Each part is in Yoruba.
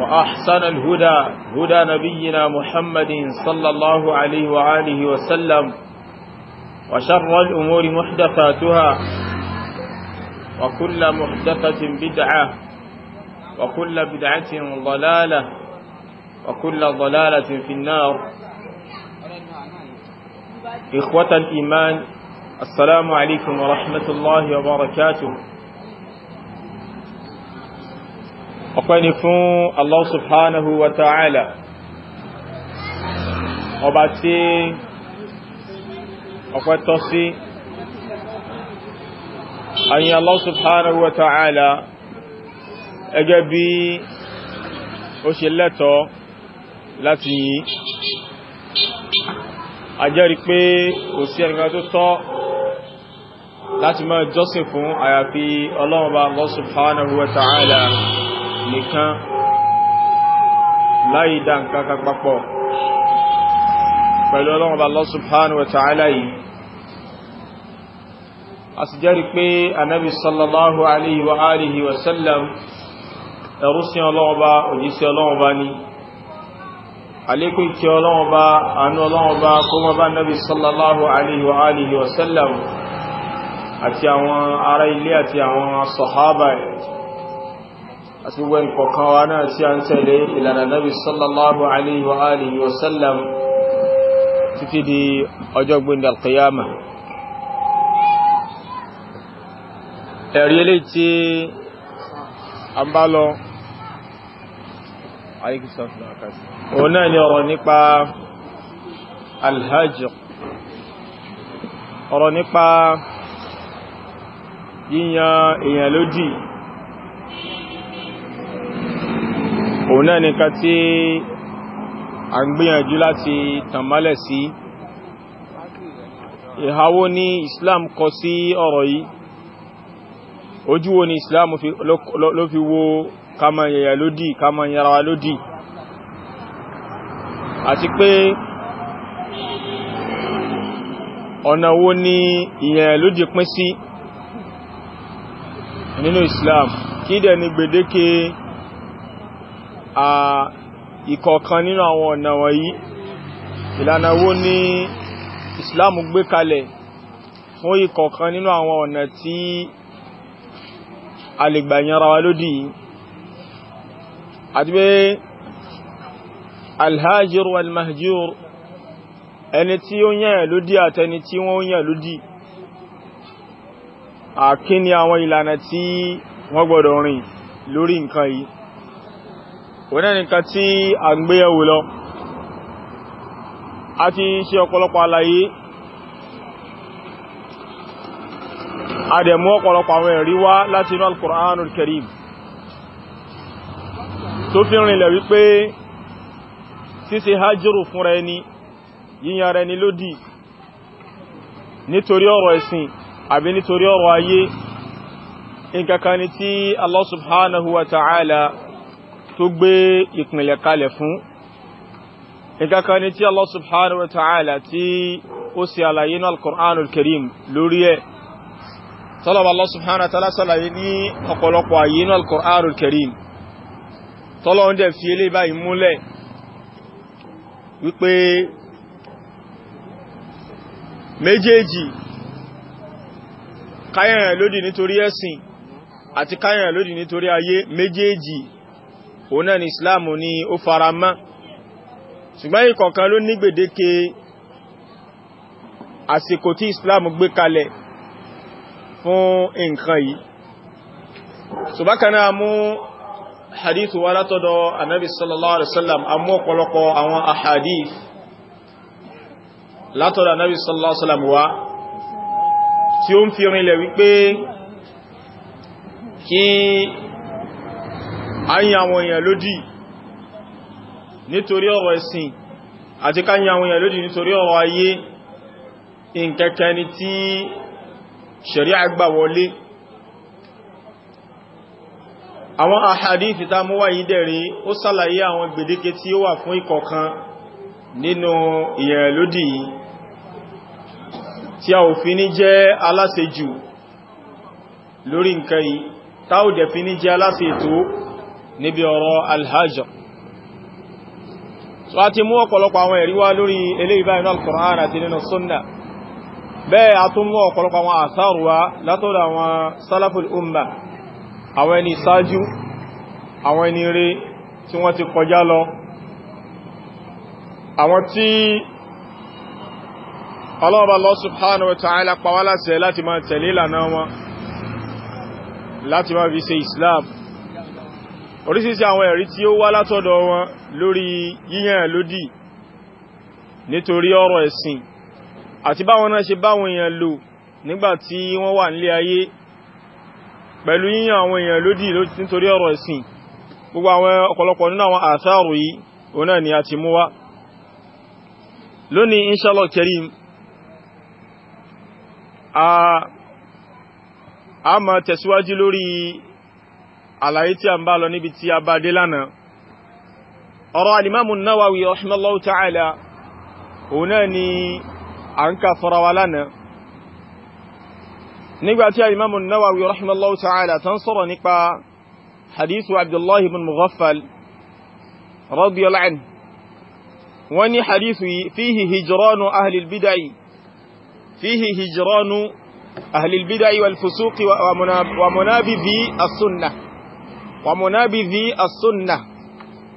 وأحسن الهدى هدى نبينا محمد صلى الله عليه وآله وسلم وشر الأمور محدثاتها وكل محدثة بدعة وكل بدعة ضلالة وكل ضلالة في النار إخوة الإيمان السلام عليكم ورحمة الله وبركاته ọpẹ́ ni fún Allah subhanahu wa ta'ala ọba tí ọpẹ́ tọ́ sí ayin Allah subhanahu wa ta'ala ẹgẹ́ bí ó ṣe lẹ́tọ̀ láti yìí àjẹ́rí pé kò sí ẹnìkan tó tọ́ láti máa jọ́sìn fún àyàfi Ọlọ́run Allah subhanahu wa ta'ala nìkan láì dá nǹkan kan papọ̀ pẹ̀lú ọlọ́run Allah subhanahu wa ta'ala yìí a sì jẹ́rì pé anábi sallallahu alaihi wa alihi wa sallam ẹ̀rú sí ọlọ́run bá òjísí ọlọ́run bá ní alékún kí ọlọ́run bá àánú ọlọ́run bá kó mọ́ bá nábi sallallahu alaihi wa alihi wa sallam àti àwọn ará ilé àti àwọn sọ̀hábà àti wẹ́n kọ̀kan wa náà tí a ń tẹ̀lé ìlànà nabi sallallahu alaihi wa alihi wa sallam títí di ọjọ́ gbìndà alqiyama ẹ̀rí ilé tí a ń bá lọ ọ̀rọ̀ nípa yíyan èèyàn lódì òun náà nìkan tí a ń gbìyànjú láti tàmálẹ̀ sí ìhàwó ní Islam kọ sí ọ̀rọ̀ yìí ojú wo ni Islam ló fi wo kama yẹ̀yà lódì kama yẹra lódì àti pé ọ̀nà wo ni ìyẹn lódì pín sí nínú Islam kí dẹ̀ ni gbèdéke ìkọ̀ọ̀kan nínú àwọn ọ̀nà wọ̀nyí ìlànà wo ni Islam gbé kalẹ̀ fún ìkọ̀ọ̀kan nínú àwọn ọ̀nà tí a lè gbà yanra wa lódì àti pé alhajir walmahjur ẹni tí ó yẹn lódì àtẹni tí wọ́n yẹn lódì àkíní àwọn ìlànà tí wọ́n gbọ́dọ̀ rìn lórí nǹkan yìí wọ́n nìkan tí a ń gbéyẹ̀wò lọ a ti ṣe ọ̀pọ̀lọpọ̀ àlàyé a dẹ̀ mú ọ̀pọ̀lọpọ̀ àwọn ẹ̀rí wá láti inú al-Qur'anul Karim tó fi rinlẹ̀ wípé ṣíṣe hajjúrù fúnra ẹni yíyan rẹ̀ ni lódì nítorí ọ̀rọ̀ ẹ̀sìn àbí nítorí ọ̀rọ̀ ayé nǹkankan ni tí Allah subhanahu wa ta'ala tó gbé ìpìnlẹ̀ kalẹ̀ fún ìkankan ni tí Allah subhanahu wa ta'ala tí ó sì àlàyé náà al-Qur'an al-Karim lórí ẹ̀ tọ́lọ̀bà Allah subhanahu wa ta'ala sàlàyé ní ọ̀pọ̀lọpọ̀ àyé náà al-Qur'an al-Karim tọ́lọ̀ ń dẹ̀ fi ilé báyìí òun náà ni islam ni ó fara mọ́ ṣùgbọ́n ìkọ̀kan ló ní gbèdéke àsìkò tí islam gbé kalẹ̀ fún nǹkan yìí ṣùgbọ́kanáà mú hadithu wa látọ́dọ̀ anábi sallallahu alaihi wasallam a mú ọ̀pọ̀lọpọ̀ àwọn ahadith látọ̀dọ̀ anábi sallallahu alaihi wasallam wá tí ó ń fi ayin àwọn èèyàn lódì nítorí ọ̀rọ̀ ẹ̀sìn àti káyìn àwọn èèyàn lódì nítorí ọ̀rọ̀ ayé ìkẹ́kẹ́ ni tí ṣẹ̀ríà gbà wọlé àwọn àhàdíìsì tá mú wáyé dẹ̀rí ó sàlàyé àwọn gbèdéke tí ó wà fún ìkọ̀kan nínú èèyàn lódì tí a ò fi ní jẹ́ aláṣejù lórí nǹkan yìí tá fi ní jẹ́ aláṣe ètò níbi ọ̀rọ̀ alhajj so a ti mú ọ̀pọ̀lọpọ̀ àwọn ẹ̀rí wá lórí eléyìí báyìí nínú al-Qur'an àti nínú sunna bẹ́ẹ̀ a tún mú ọ̀pọ̀lọpọ̀ àwọn àsáàrù wá látọ̀dọ̀ àwọn salaful umma àwọn ẹni sáájú àwọn ẹni rí tí wọ́n ti kọjá lọ àwọn tí ọlọ́ọ̀bá Allah oríṣiríṣi àwọn ẹ̀rí tí ó wá látọ̀dọ̀ wọn lórí yíyàn lódì nítorí ọ̀rọ̀ ẹ̀sìn àti báwọn náà ṣe báwọn èèyàn lò nígbàtí wọ́n wà nílé ayé pẹ̀lú yíyàn àwọn èèyàn lódì nítorí ọ̀rọ̀ ẹ̀sìn gbogbo àwọn ọ̀pọ̀lọpọ̀ nínú àwọn àtàrù yìí òun ni a ti mú wá lónìí inshallah kerim a a máa tẹ̀síwájú lórí àlàyé tí a ń bá lọ níbi tí a bá dé lánàá ọ̀rọ̀ alimamu nawawi rahimallahu ta'ala òun náà ni a ń ka fọ́ra wa lánàá nígbàtí alimamu nawawi rahimallahu ta'ala tán sọ̀rọ̀ nípa hadithu abdullahi ibn mughaffal radiyallahu anhu wọ́n ní hadithu yìí fíhì wa munabidhi as-sunnah ومنابذي السنة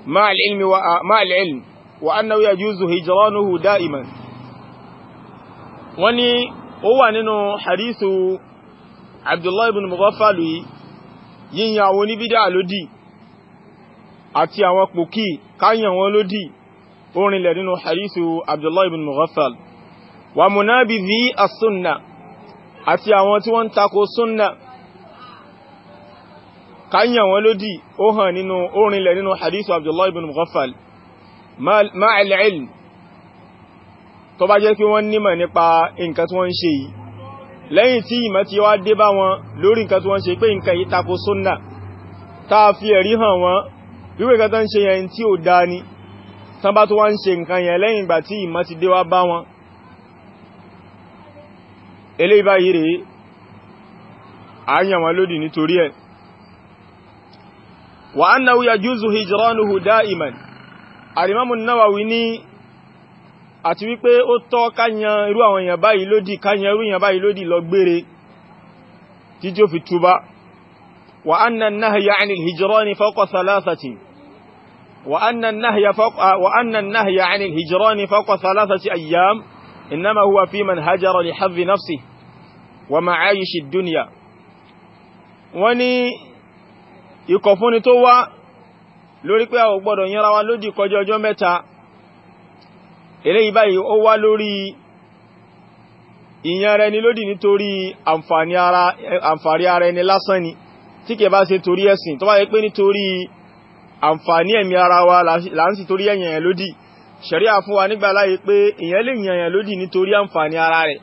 مع العلم ومع العلم وأنه يجوز هجرانه دائما وني هو ننو حديث عبد الله بن مغفل ينيا وني بدا لودي àti àwọn pòkí káyàn wọn lódì orinlẹ̀ nínú hadisu Abdullah ibn Mughaffal wa munabizi as-sunna àti àwọn tí wọ́n tako sunna káyàn wọn lódì ó hàn nínú orinlẹ̀ nínú hadithu abdullahi ibn mughaffal ma'al ilm tó bá jẹ́ kí wọ́n nímọ̀ nípa nǹkan tí wọ́n ń ṣe yìí lẹ́yìn tí ìmọ̀ ti wá dé bá wọn lórí nǹkan tí wọ́n ṣe pé nǹkan yìí tako sunna táa fi ẹ̀rí hàn wọn wípé nǹkan tó ṣe yẹn tí ò dá ni tán bá tó wá ń ṣe nǹkan yẹn lẹ́yìn ìgbà tí ìmọ̀ ti dé wá bá wọn eléyìí báyìí rèé àáyàn wọn lódì nítorí ẹ̀ wa annahu yajuzu hijranuhu da'iman al-imam an-nawawi ní àti wípé ó tọ́ káyan irú àwọn èèyàn báyìí lódì káyan irú èèyàn báyìí lódì lọ gbére títí ó fi túbá wa anna an-nahya 'ani al-hijrani fawqa thalathati wa anna an-nahya fawqa wa anna an-nahya 'ani al-hijrani fawqa thalathati ayyam innama huwa fi man hajara li hadhi nafsihi wa ma'ayishi ad-dunya wani ìkọ̀fúnni tó wá lórí pé àwọn gbọ́dọ̀ yánra wa lódì kọjá ọjọ́ mẹ́ta eléyìí báyìí ó wá lórí ìyanra ẹni lódì nítorí àǹfààní ara ẹni lásán ni tí kẹ bá ṣe torí ẹ̀sìn tó bá yẹ pé nítorí àǹfààní ẹ̀mí ara wa là ń sì torí ẹ̀yàn lódì ṣẹ̀ríà fún wa nígbà láyé pé èèyàn lè yànyàn lódì nítorí àǹfààní ara rẹ̀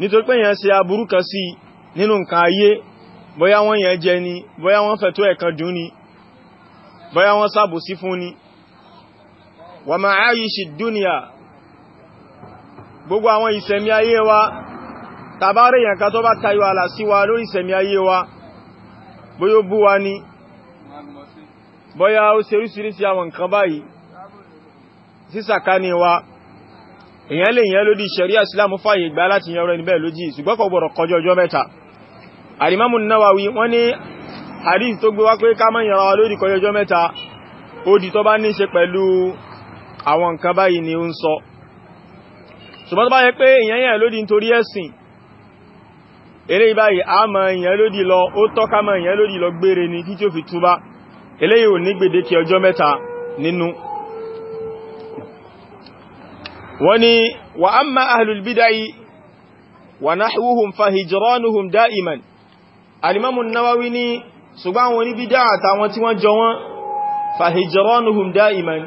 nítorí pé èèyàn ṣe aburú kan sí nínú nǹkan ayé bóyá wọ́n yẹn jẹ ni bóyá wọ́n fẹ̀tọ́ ẹ̀kan dùn ni bóyá wọ́n sábòsí fún ni wà máa áyíṣì dúnìyà gbogbo àwọn ìsẹ̀mí ayé wa tàbárẹ̀ yẹn kan tó bá tayọ àlà sí wa lórí ìsẹ̀mí ayé wa bóyá ó bú wa ni bóyá ó seríṣiríṣi àwọn nǹkan báyìí sísàkání wa èèyàn lè yẹn lódì ṣẹ̀ríà ìsìlámù fàyè gbà láti yẹn rẹ̀ níbẹ̀ lójì ṣùgbọ́n kò gbọ́dọ̀ ọjọ́ mẹ́ta alimamu nawawi wọ́n ní hadith tó gbé wá pé ká má yẹra wa lódì kọjọjọ́ mẹ́ta ó di tó bá ní ṣe pẹ̀lú àwọn nǹkan báyìí ni ó ń sọ ṣùgbọ́n yẹ pé èyàn yẹn nítorí ẹ̀sìn eré ìbáyìí a mọ èyàn lódì lọ ó tọ́ka mọ èyàn lódì lọ gbére ni kí tí ó fi túbá eléyìí ò ní gbèdéke ọjọ́ mẹ́ta nínú wọ́n ní wa amma ahlul bidai wa nahwuhum fa hijranuhum da'iman alimamu nawawi ni ṣùgbọ́n àwọn oníbídá àtàwọn tí wọ́n jọ wọ́n fahijranuhum da'iman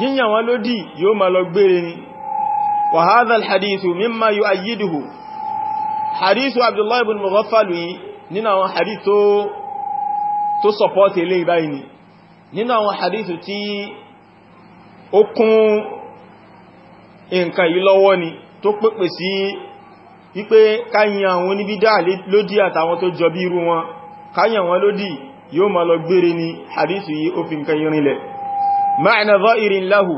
yíyàn wọn lódì yóò ma lọ gbére ni wa hadha alhadithu mimma yu'ayyiduhu hadithu abdullahi ibn mughaffalu yìí nínú àwọn hadith tó sọpọ́tì ilé ìbáyìí ni àwọn hadith tí ó kún nǹkan yìí lọ́wọ́ ni tó pèpè sí wípé káyìn àwọn oníbídá lódí àtàwọn tó jọ bí irú wọn káyìn àwọn lódí yóò máa lọ gbére ni hadithu yìí ó fi nǹkan irinlẹ̀ ma'ana za'irin lahu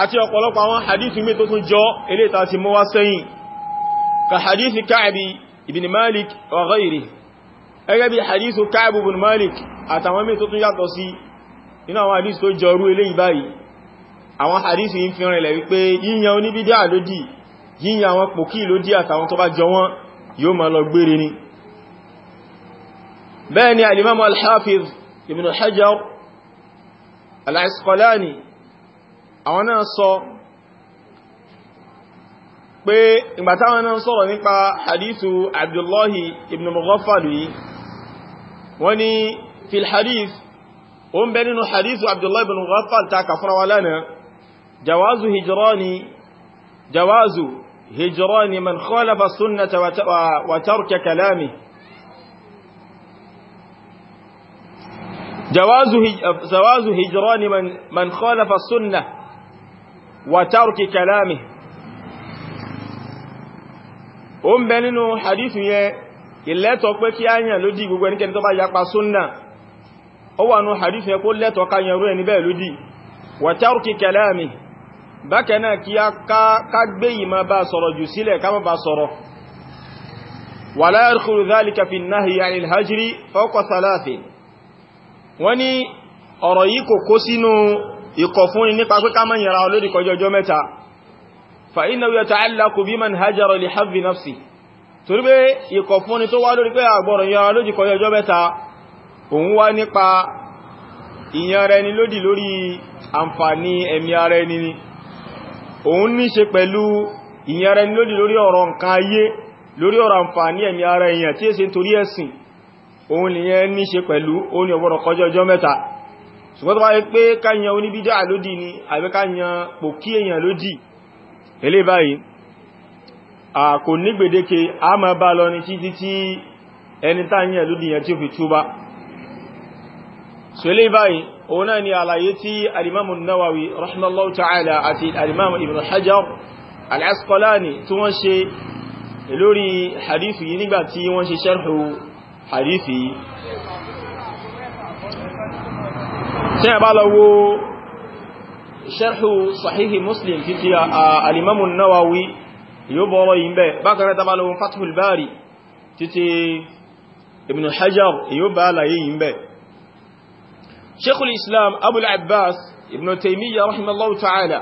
àti ọ̀pọ̀lọpọ̀ àwọn hadithu mé tó tún jọ eléta ti mọ́wá sẹ́yìn ka hadithu káàbì ibn malik wa ghairi ẹgẹ́ bí hadithu káàbì ibn malik àtàwọn mé tó tún yàtọ̀ sí inú àwọn hadithu yíyìn àwọn pòkí ló dí àtàwọn tó bá jọ wọ́n yóò máa lọ gbére ni bẹ́ẹ̀ ni alimamu alhafiz ibn hajar al-Asqalani àwọn náà sọ pé ìgbàtàwọn náà sọ̀rọ̀ nípa hadithu abdullahi ibn mughaffal yìí wọ́n ni fil hadith o ń bẹ nínú hadithu abdullahi ibn mughaffal ta kàfúnra lánàá jawazu hijrani jawazu هجران من خالف السنة وترك كلامه جواز هجران من من خالف السنة وترك كلامه أم بنو حديث يا ìlẹ́tọ̀ pé kí áyàn lódì gbogbo ẹnikẹni tó bá yapa súnnà ó wà ní hadith yẹ kó lẹ́tọ̀ ká rú ẹni bẹ́ẹ̀ lódì wa tarki kalami bákan náà kí ká gbé ìmọ̀ bá sọ̀rọ̀ jù sílẹ̀ ká má bá sọ̀rọ̀ wala yadkhulu dhalika fi nahyi anil hajri fawqa thalathin wọ́n ní ọ̀rọ̀ yìí kò kó sínú ìkọ̀ fún ni nípa pé ká má yẹra olórí kọjọ ọjọ́ mẹ́ta fa innahu yata'allaqu biman hajara li hadhi nafsi torí pé ìkọ̀ fún ni tó wá lórí pé àgbọ̀rọ̀ yẹra lójì mẹ́ta òun wá nípa ìyẹn ẹni lódì lórí àǹfààní ẹ̀mí ara ẹni ni òun ní ṣe pẹ̀lú ìyànra ẹni lódì lórí ọ̀rọ̀ nǹkan ayé lórí ọ̀rọ̀ àǹfààní ẹ̀mí ara èèyàn tí èsì torí ẹ̀sìn òun nìyẹn ní ṣe pẹ̀lú ó ní ọgbọ́dọ̀ ọjọ́ mẹ́ta ṣùgbọ́n tó ni àbí káyan pòkí a kò ní gbèdéke a máa bá lọ ní títí tí ẹni táyàn lódì òun náà ni àlàyé tí alimamu nawawi rahimahullahu ta'ala àti alimamu ibn hajar al'asqalani tí wọ́n ṣe lórí hadithi yìí nígbà tí wọ́n ṣe sharhu hadithi yìí tí a bá lọ́wọ́ sharhu sahihi muslim títí alimamu nawawi yóò bọ́rọ̀ yìí bẹ́ bákan ta bá lọ́wọ́ fathul bari títí ibn hajar yóò bá àlàyé yìí bẹ́ sheikhul islam abul abbas ibn taimiyya rahimallahu ta'ala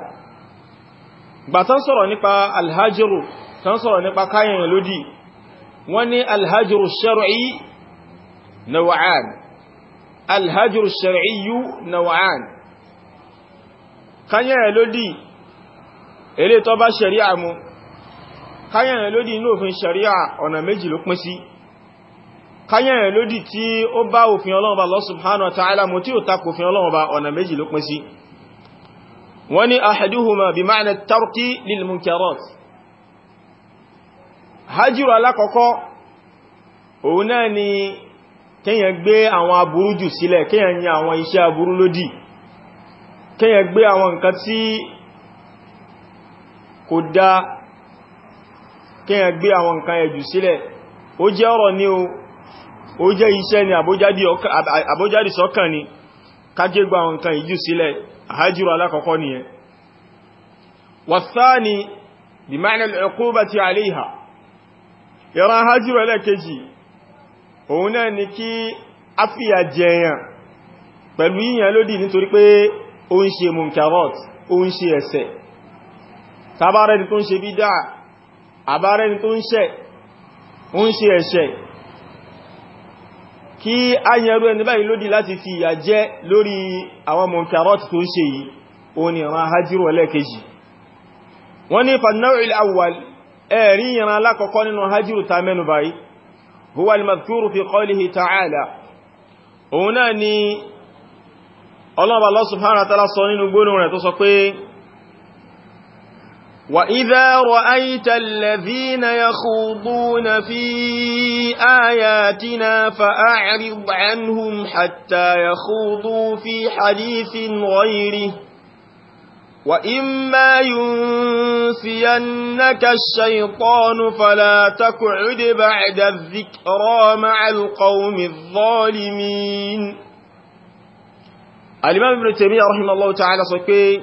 gbà tán sọ̀rọ̀ nípa alhajiru tán sọ̀rọ̀ nípa kayan lòdì wọ́n ní alhajiru shar'i naw'an alhajiru shar'iyyu naw'an kayan lòdì èlé tó bá shari'a mu kayan lòdì inú òfin shari'a ọ̀nà méjì ló pín sí káyẹ̀rẹ̀ lódì tí ó bá òfin ọlọ́ọ̀bá Allah subhanahu wa ta'ala mú tí ó takò òfin ọlọ́ọ̀bá ọ̀nà méjì ló pín sí wọ́n ni ahaduhuma bí ma'ana tarki lil munkarat hajjiru alákọ̀ọ́kọ́ òun náà ni kíyàn ó jẹ́ ọ̀rọ̀ ni o ó jẹ́ iṣẹ́ ni àbójáde sọ́kàn ni kágégbà nǹkan ìjú sílẹ̀ àhájúrò alákọ̀ọ́kọ́ nìyẹn wàtsáni bí máa nílò ẹ̀kọ́ bá ti àléhà ìran àhájúrò ẹlẹ́kejì òun náà ni kí a fìyà jẹyàn pẹ̀lú yíyàn lódì nítorí pé ó ń ṣe munkarot ó ń ṣe ẹ̀ṣẹ̀ tàbárẹni tó ń ṣe bídá àbárẹni tó ń ṣẹ̀ ó ń ṣe ẹ̀ṣẹ̀ kí a yẹrú ẹni báyìí lódì láti fi ìyà jẹ lórí àwọn munkarat tó ń ṣe yìí ó ní ìran hajjírò ẹlẹ́kejì wọ́n ní fannáwìl awwal ẹ̀rí ìran alákọ̀ọ́kọ́ nínú hajjírò ta mẹ́nu báyìí وإذا رأيت الذين يخوضون في آياتنا فأعرض عنهم حتى يخوضوا في حديث غيره وإما ينسينك الشيطان فلا تقعد بعد الذكرى مع القوم الظالمين الإمام ابن تيمية رحمه الله تعالى صحيح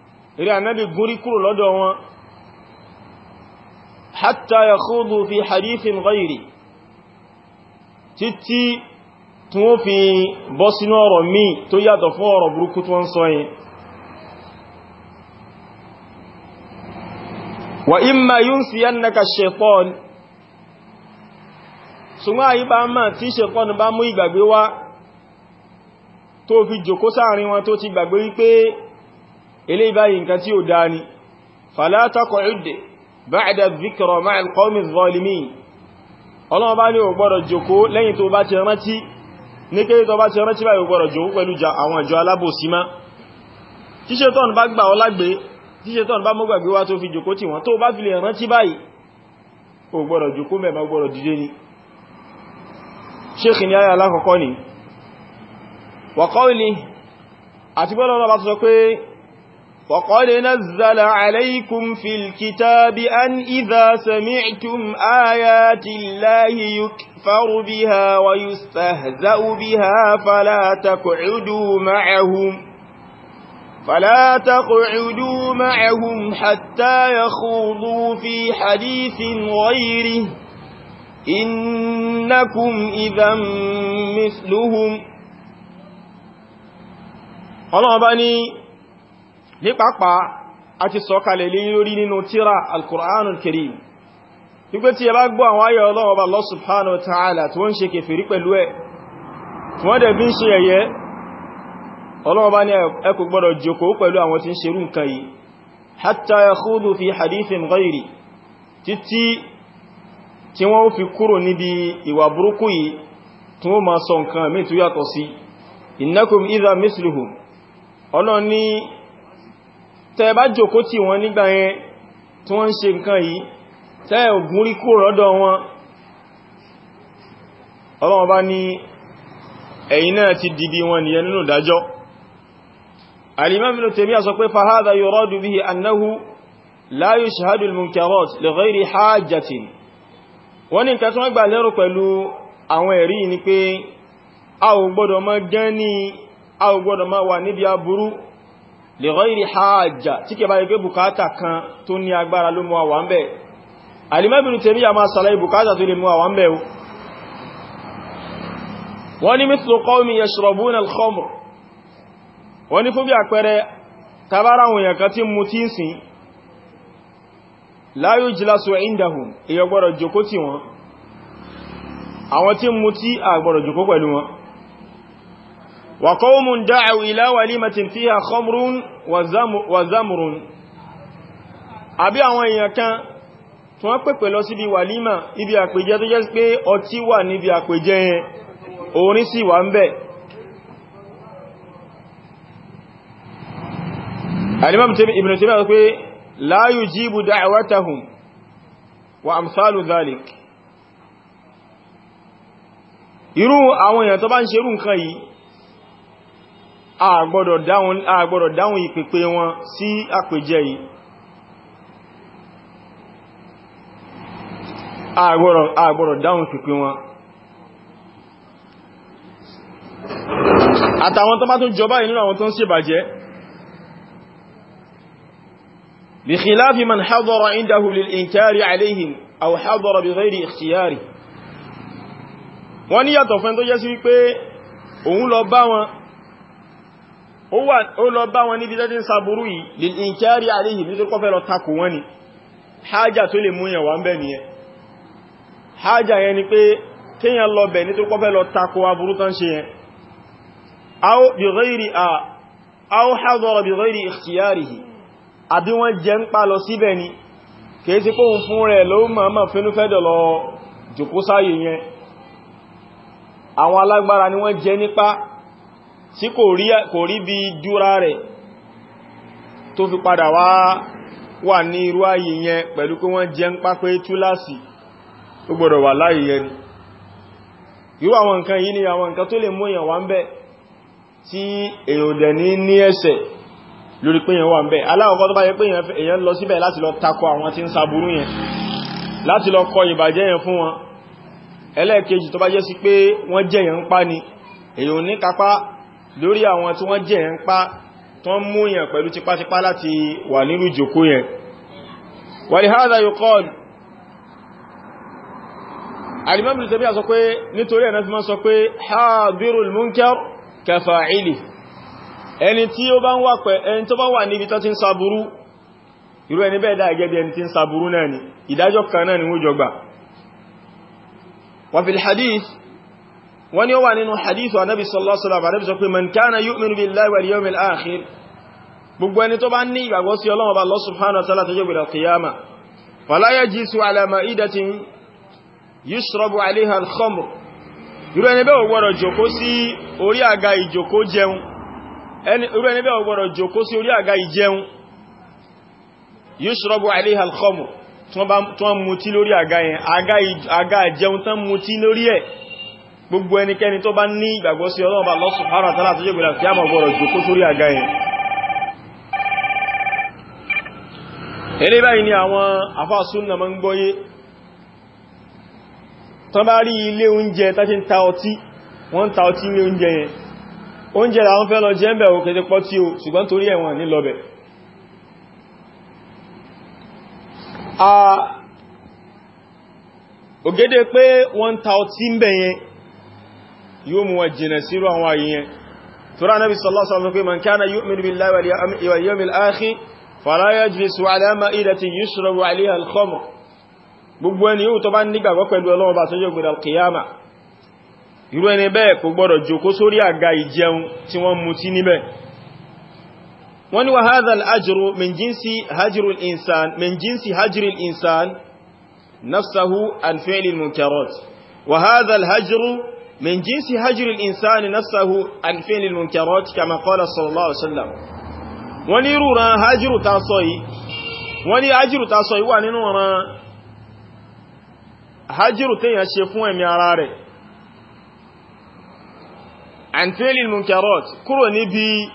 eré anábì gúnrí kúrò lọ́dọ̀ wọn hatta yakhudu fi hadithin ghairi títí tí wọ́n fi bọ́ sínú ọ̀rọ̀ míì tó yàtọ̀ fún ọ̀rọ̀ burúkú tó ń sọ yìí wa imma yunsiyannaka shaytan ṣùgbọ́n àyí bá máa tí shaytan bá mú ìgbàgbé wá tó fi jòkó sáàrin wọn tó ti gbàgbé wípé eléyìí báyìí nǹkan tí ó dáa ni fala taq'ud ba'da dhikra ma'a al-qawmi adh-dhalimin ọlọ́wọ́ bá ní ò gbọ́dọ̀ jòkó lẹ́yìn tó bá ti rántí ní kéré tó bá ti rántí báyìí ò gbọ́dọ̀ jòkó pẹ̀lú àwọn ìjọ alábòsí má tí ṣetán bá gbà ọ lágbé tí ṣetán bá mọ́gbàgbé wá tó fi jòkó tì tó sọ pé وقد نزل عليكم في الكتاب أن إذا سمعتم آيات الله يكفر بها ويستهزأ بها فلا تقعدوا معهم فلا تقعدوا معهم حتى يخوضوا في حديث غيره إنكم إذا مثلهم قال بني ní pàápàá a ti sọ̀kalẹ̀ lé lórí nínú tíra alkùránù kìrìm wípé tí ẹ bá gbọ́ àwọn ayọ̀ ọlọ́wọ́ bá Allah subhanahu wa ta'ala tí wọ́n ń ṣe kèfèrí pẹ̀lú ẹ̀ tí wọ́n dẹ̀ bí ń ṣe ẹ̀yẹ́ ọlọ́wọ́ bá ní ẹ kò gbọ́dọ̀ jókòó pẹ̀lú àwọn tẹ́ bá jòkó tí wọ́n nígbà yẹn tí wọ́n ń ṣe nǹkan yìí tẹ́ ògùn rí kó rọ́dọ̀ wọn ọlọ́wọ́n bá ní ẹ̀yin náà ti dìbí wọn nìyẹn nínú ìdájọ́ al-Imam Ibn Taymiyyah sọ a ò gbọ́dọ̀ máa gán ní a ò gbọ́dọ̀ máa wà níbi aburú lè ghairi hajjá tí kẹ bá yẹ pé bukata kan tó ní agbára ló mú àwọn bẹ́ alimẹ́bìnú tèmíyà máa sàlẹ̀ bukata tó lè mú àwọn bẹ́ wọ́n ni mithlu qawmi yashrabuna al-khamr wọ́n ni fún bí àpẹẹrẹ tabara وقوم دعوا إلى وليمة فيها خمر وزمر àbí àwọn èèyàn kan tí wọ́n pèpè lọ síbi wàlímà ibi àpèjẹ tó jẹ́ pé ọtí wà níbi àpèjẹ yẹn orin sì wà ń bẹ̀ alimam ibn Taymiyyah sọ pé la yujibu da'watahum wa amsalu dhalik irú àwọn èèyàn tó bá ń ṣerú nǹkan yìí a gbọ́dọ̀ dáhùn a gbọ́dọ̀ dáhùn ìpèpè wọn sí àpèjẹ yìí a gbọ́dọ̀ a gbọ́dọ̀ dáhùn ìpèpè wọn àtàwọn tó bá tó jọba nínú àwọn tó ń ṣèbàjẹ́ bí khilafi man hadara indahu lil inkari alayhim aw hadara bi ghairi wọ́n ní yàtọ̀ fẹ́ tó jẹ́ sí wípé òun lọ bá wọn ó wà ó lọ bá wọn níbi tẹ́tí ń sàbúrú yìí lè ní kí á rí àríyìn nítorí kọ́fẹ́ lọ takò wọn ni hájà tó lè múyàn wà ń bẹ̀ nìyẹn hájà yẹn ni pé kíyàn lọ bẹ̀ nítorí kọ́fẹ́ lọ takò aburú tán ṣe yẹn aw bi àwọn alágbára ni wọ́n jẹ́ nípa sí kò rí bí júra rẹ̀ tó fi padà wá wà ní irú ayé yẹn pẹ̀lú pé wọ́n jẹ́ ń pápé túláàsì ó gbọ́dọ̀ wà láyé yẹn ni irú àwọn nǹkan yìí ni àwọn nǹkan tó lè mú èèyàn wà ń bẹ̀ tí èèyàn dẹ̀ ní ní ẹ̀ṣẹ̀ lórí pé èèyàn wà ń bẹ̀ aláwọ̀kọ́ tó bá yẹ pé èèyàn lọ síbẹ̀ láti lọ takọ àwọn tí ń saburú yẹn láti lọ kọ ìbàjẹ́ yẹn fún wọn ẹlẹ́ẹ̀kejì tó bá jẹ́ sí pé wọ́n jẹ́ yẹn ń pa ni èèyàn ní kápá lórí àwọn tí wọ́n jẹ́ ń pa tó mú yẹn pẹ̀lú tipátipá láti wà nínú ìjòkó yẹn wàlìháàdà yóò kọ́ọ̀lù alimọ́bìnrin tẹ́bí à sọ pé nítorí ẹ̀nà fi mọ́ sọ pé hadirul munkar kafa'ili ẹni tí ó bá wà pẹ̀ ẹni tó bá wà níbi tó ti ń sàbúrú irú ẹni bẹ́ẹ̀ dáa gẹ́gẹ́ ẹni tí ń sàbúrú náà ni ìdájọ́ kan náà ni wọ́n jọ gbà wàfil hadith wọ́n ni ó wà nínú hadithu anábi sallallahu alaihi wasallam anábi sọ pé man kana yu'minu billahi wal yawmil akhir gbogbo ẹni tó bá ní ìgbàgbọ́ sí Ọlọ́run Ọba Allah subhanahu wa ta'ala tó jẹ́ gbẹ̀rẹ̀ qiyama fala yajisu ala ma'idatin yushrabu 'alayha al-khamr irú ẹni bẹ́ẹ̀ ò gbọ́dọ̀ jókòó sí orí àga ìjókòó jẹun gbogbo ẹnikẹ́ni tó bá ní ìgbàgbọ́ sí Ọlọ́run bá Allah subhanahu wa ta'ala tó a mọ̀ gbọ́rọ̀ jù kó sórí àga yẹn ilé báyìí ni àwọn afáàsúnnà ma ń gbọ́yé tán bá rí ilé oúnjẹ tàbí ta ọtí wọ́n ta ọtí ilé oúnjẹ yẹn oúnjẹ làwọn fẹ́ lọ jẹ́ ń bẹ̀ ò kéde pọ́ tí o ṣùgbọ́n torí ẹ̀wọ̀n ní lọ́bẹ̀ ògédé pé wọ́n ta ọtí ń bẹ̀ yóò mú wa jìnà sírò àwọn àyíyàn tura nabi sallallahu alaihi wasallam man kana yu'minu billahi wal yawmil akhir fala yajlisu ala ma'idati yushrabu 'alayha al-khamr gbogbo ẹni yóò tó bá nígbàgbọ́ pẹ̀lú Ọlọ́run bá tọ́jọ́ gbẹ̀rẹ̀ al-qiyama irú ẹni bẹ́ẹ̀ kò gbọ́dọ̀ jòkó sórí àga ìjẹun tí wọ́n mú tí níbẹ̀ wọ́n wa hadha al-ajru min jinsi hajru al-insan min jinsi hajri al-insan nafsahu an fi'li al-munkarat wa hadha al-hajru من جنس هجر الإنسان نفسه عن فعل المنكرات كما قال صلى الله عليه وسلم ونيرو هجر تاسوي وني هجر تاسوي ونينو هجر تين الشيفون مياراري عن فعل المنكرات كرو نبي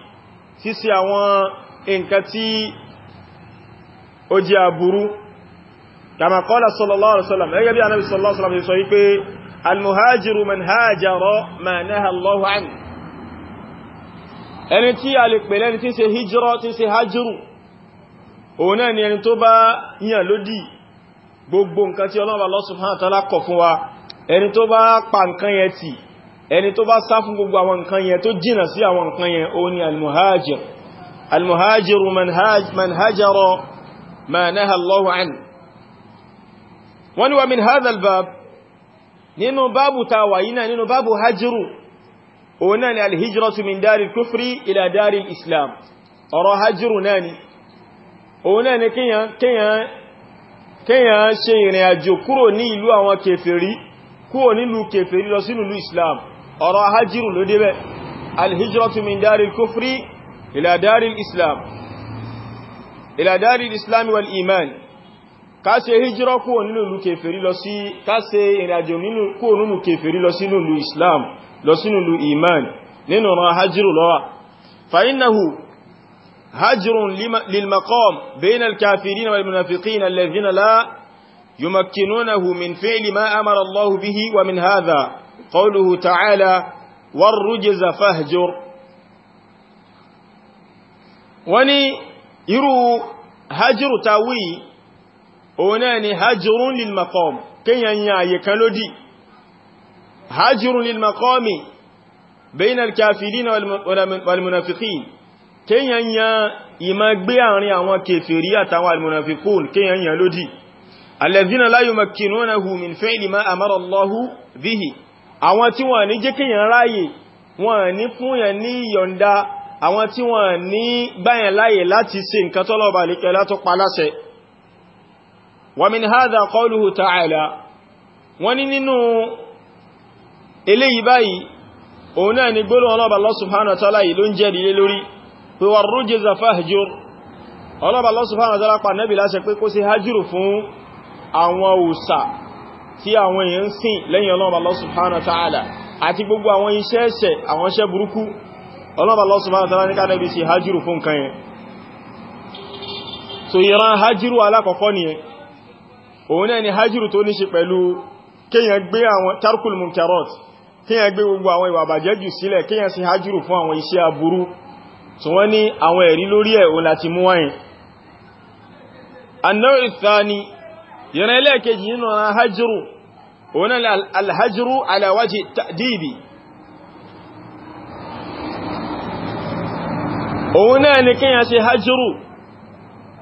سيسي عوان إنكتي أجي أبرو كما قال صلى الله عليه وسلم أجي بي أنا صلى الله عليه وسلم يقول المهاجر من هاجر ما naha الله عنه. ẹni تي a lè pè lẹ́ni tí ṣe hijira tí ṣe hajiru òun náà ni ẹni tó bá yàn lódì gbogbo nǹkan tí Ọlọ́run Allah subhanahu wa ta'ala kọ̀ fún wa ẹni tó bá pa nǹkan yẹn tì ẹni tó bá sá fún gbogbo àwọn nǹkan yẹn tó jìnà sí àwọn nǹkan yẹn òun ni almuhajir almuhajiru man hajara ma naha an wani wa min hadha albab nínú báàbù ta wàyí náà nínú báàbù hajjiru òun náà ni alhijiratu min dari kufri ila dari islam ọ̀rọ̀ hajjiru náà ni òun náà ni kíyàn ṣe ìrìn àjò kúrò ní ìlú àwọn kèfèrí kúrò nílùú kèfèrí lọ sínú islam ọ̀rọ̀ hajjiru ló débẹ̀ alhijiratu min dari kufri ila dari islam ila dari islam wal iman ká ṣe hijira kúrò nínú ìlú kèfèrí lọ sí ká ṣe ìrìnàjò kúrò nínú kèfèrí lọ sínú ìlú islam lọ sínú ìlú iman nínú ran hajjiru lọ́wà fa'inahu hajjirun lilmakom bainal kafirin wal munafiqin alladhina la yumakkinunahu min fi'li ma amara Allah bihi wa min hadha qawluhu ta'ala warrujz fahjur wani irú hajiru tawi òun náà ni hajjurun lil maqam kíyàn yí àyè kan lódì hajjurun lil maqami bayna al kafirina wal munafiqin kíyàn yí ìmá gbé àárín àwọn kèfèrí àtàwọn almunafiqun kíyàn yí lódì alladhina la yumakkinunahu min fi'li ma amara Allahu bihi àwọn tí wọ́n ní jẹ́ báyẹ̀ láyè láti ṣe nǹkan tọ́lọ̀bà lè kẹ́lá tó pa láṣẹ ومن هذا قوله تعالى ونننو إليه باي أونا نقول ونبى الله سبحانه وتعالى لنجل للوري والرجز فهجر ونبى الله سبحانه وتعالى قال النبي لا شك قسي هجر فون àwọn òsà tí àwọn èèyàn sìn lẹ́yìn ọlọ́ọ̀bà Allah subhanahu wa ta'ala àti gbogbo àwọn iṣẹ́ ẹ̀ṣẹ̀ àwọn iṣẹ́ burúkú ọlọ́ọ̀bà Allah òun náà ni hajjúrù tó ní ṣe pẹ̀lú kíyàn gbé àwọn tarkul munkarot kíyàn gbé gbogbo àwọn ìwà bàjẹ́ jù sílẹ̀ kíyàn sí hajjúrù fún àwọn iṣẹ́ aburú tí wọ́n ní àwọn ẹ̀rí lórí ẹ̀ òun láti mú wáyìn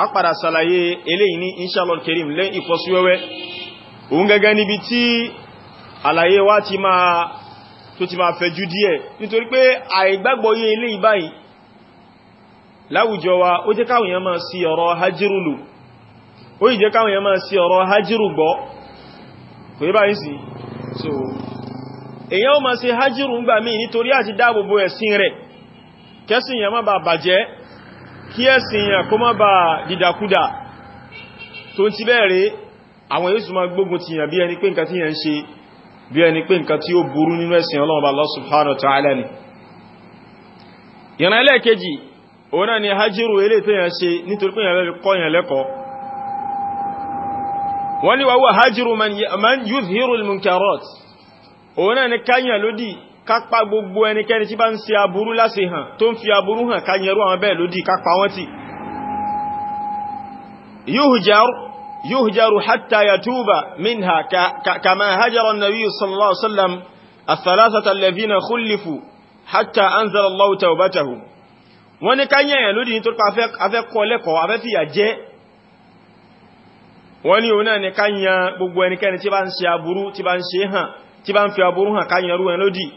a padà ṣàlàyé eléyìí ní inshallah kerim lẹ́ ìfọ́síwẹ́wẹ́ òun gẹ́gẹ́ níbi tí àlàyé ti ma tó ti ma fẹ̀jú díẹ̀ nítorí pé àìgbàgbọ́ yé eléyìí láwùjọ wa ó jẹ́ ya máa sí ọ̀rọ̀ hajjiru gbọ́ so ó ma sí hajjiru ń gbà míì nítorí àti dáàbòbò ẹ̀sìn rẹ̀ kẹ́sìn èèyàn má kí ẹ̀sìn yàn kó má bà dìdàkúdà tó ti bẹ̀rẹ̀ àwọn yóò súnmọ́ gbógun ti yàn bí ẹni pé nǹkan tí yàn ń ṣe bí ẹni pé nǹkan tí ó burú nínú ẹ̀sìn ọlọ́ọ̀bà Allah subhanahu wa ta'ala ni ìran ẹlẹ́ẹ̀kejì ni hajjiru ilé tó yàn ṣe nítorí pé yàn lẹ́lẹ́ kọ́ man yuzhiru al-munkarat ni káyàn lódì kápá gbogbo ẹnikẹ́ni tí bá ń ṣe aburú láṣe hàn tó ń fi aburú hàn ká yẹrú àwọn bẹ́ẹ̀ lódì kápá wọ́n tì yuhjaru yuhjaru hatta yatuba minha kama hajara an-nabiy sallallahu alaihi wasallam ath-thalathata alladhina khulifu hatta anzala Allahu tawbatahum wọ́n ní ká òun náà ní ká yẹn gbogbo ẹnikẹ́ni tí bá ń ṣe aburú tí bá ń ṣe hàn tí bá ń fi aburú hàn ká yẹn rú ẹ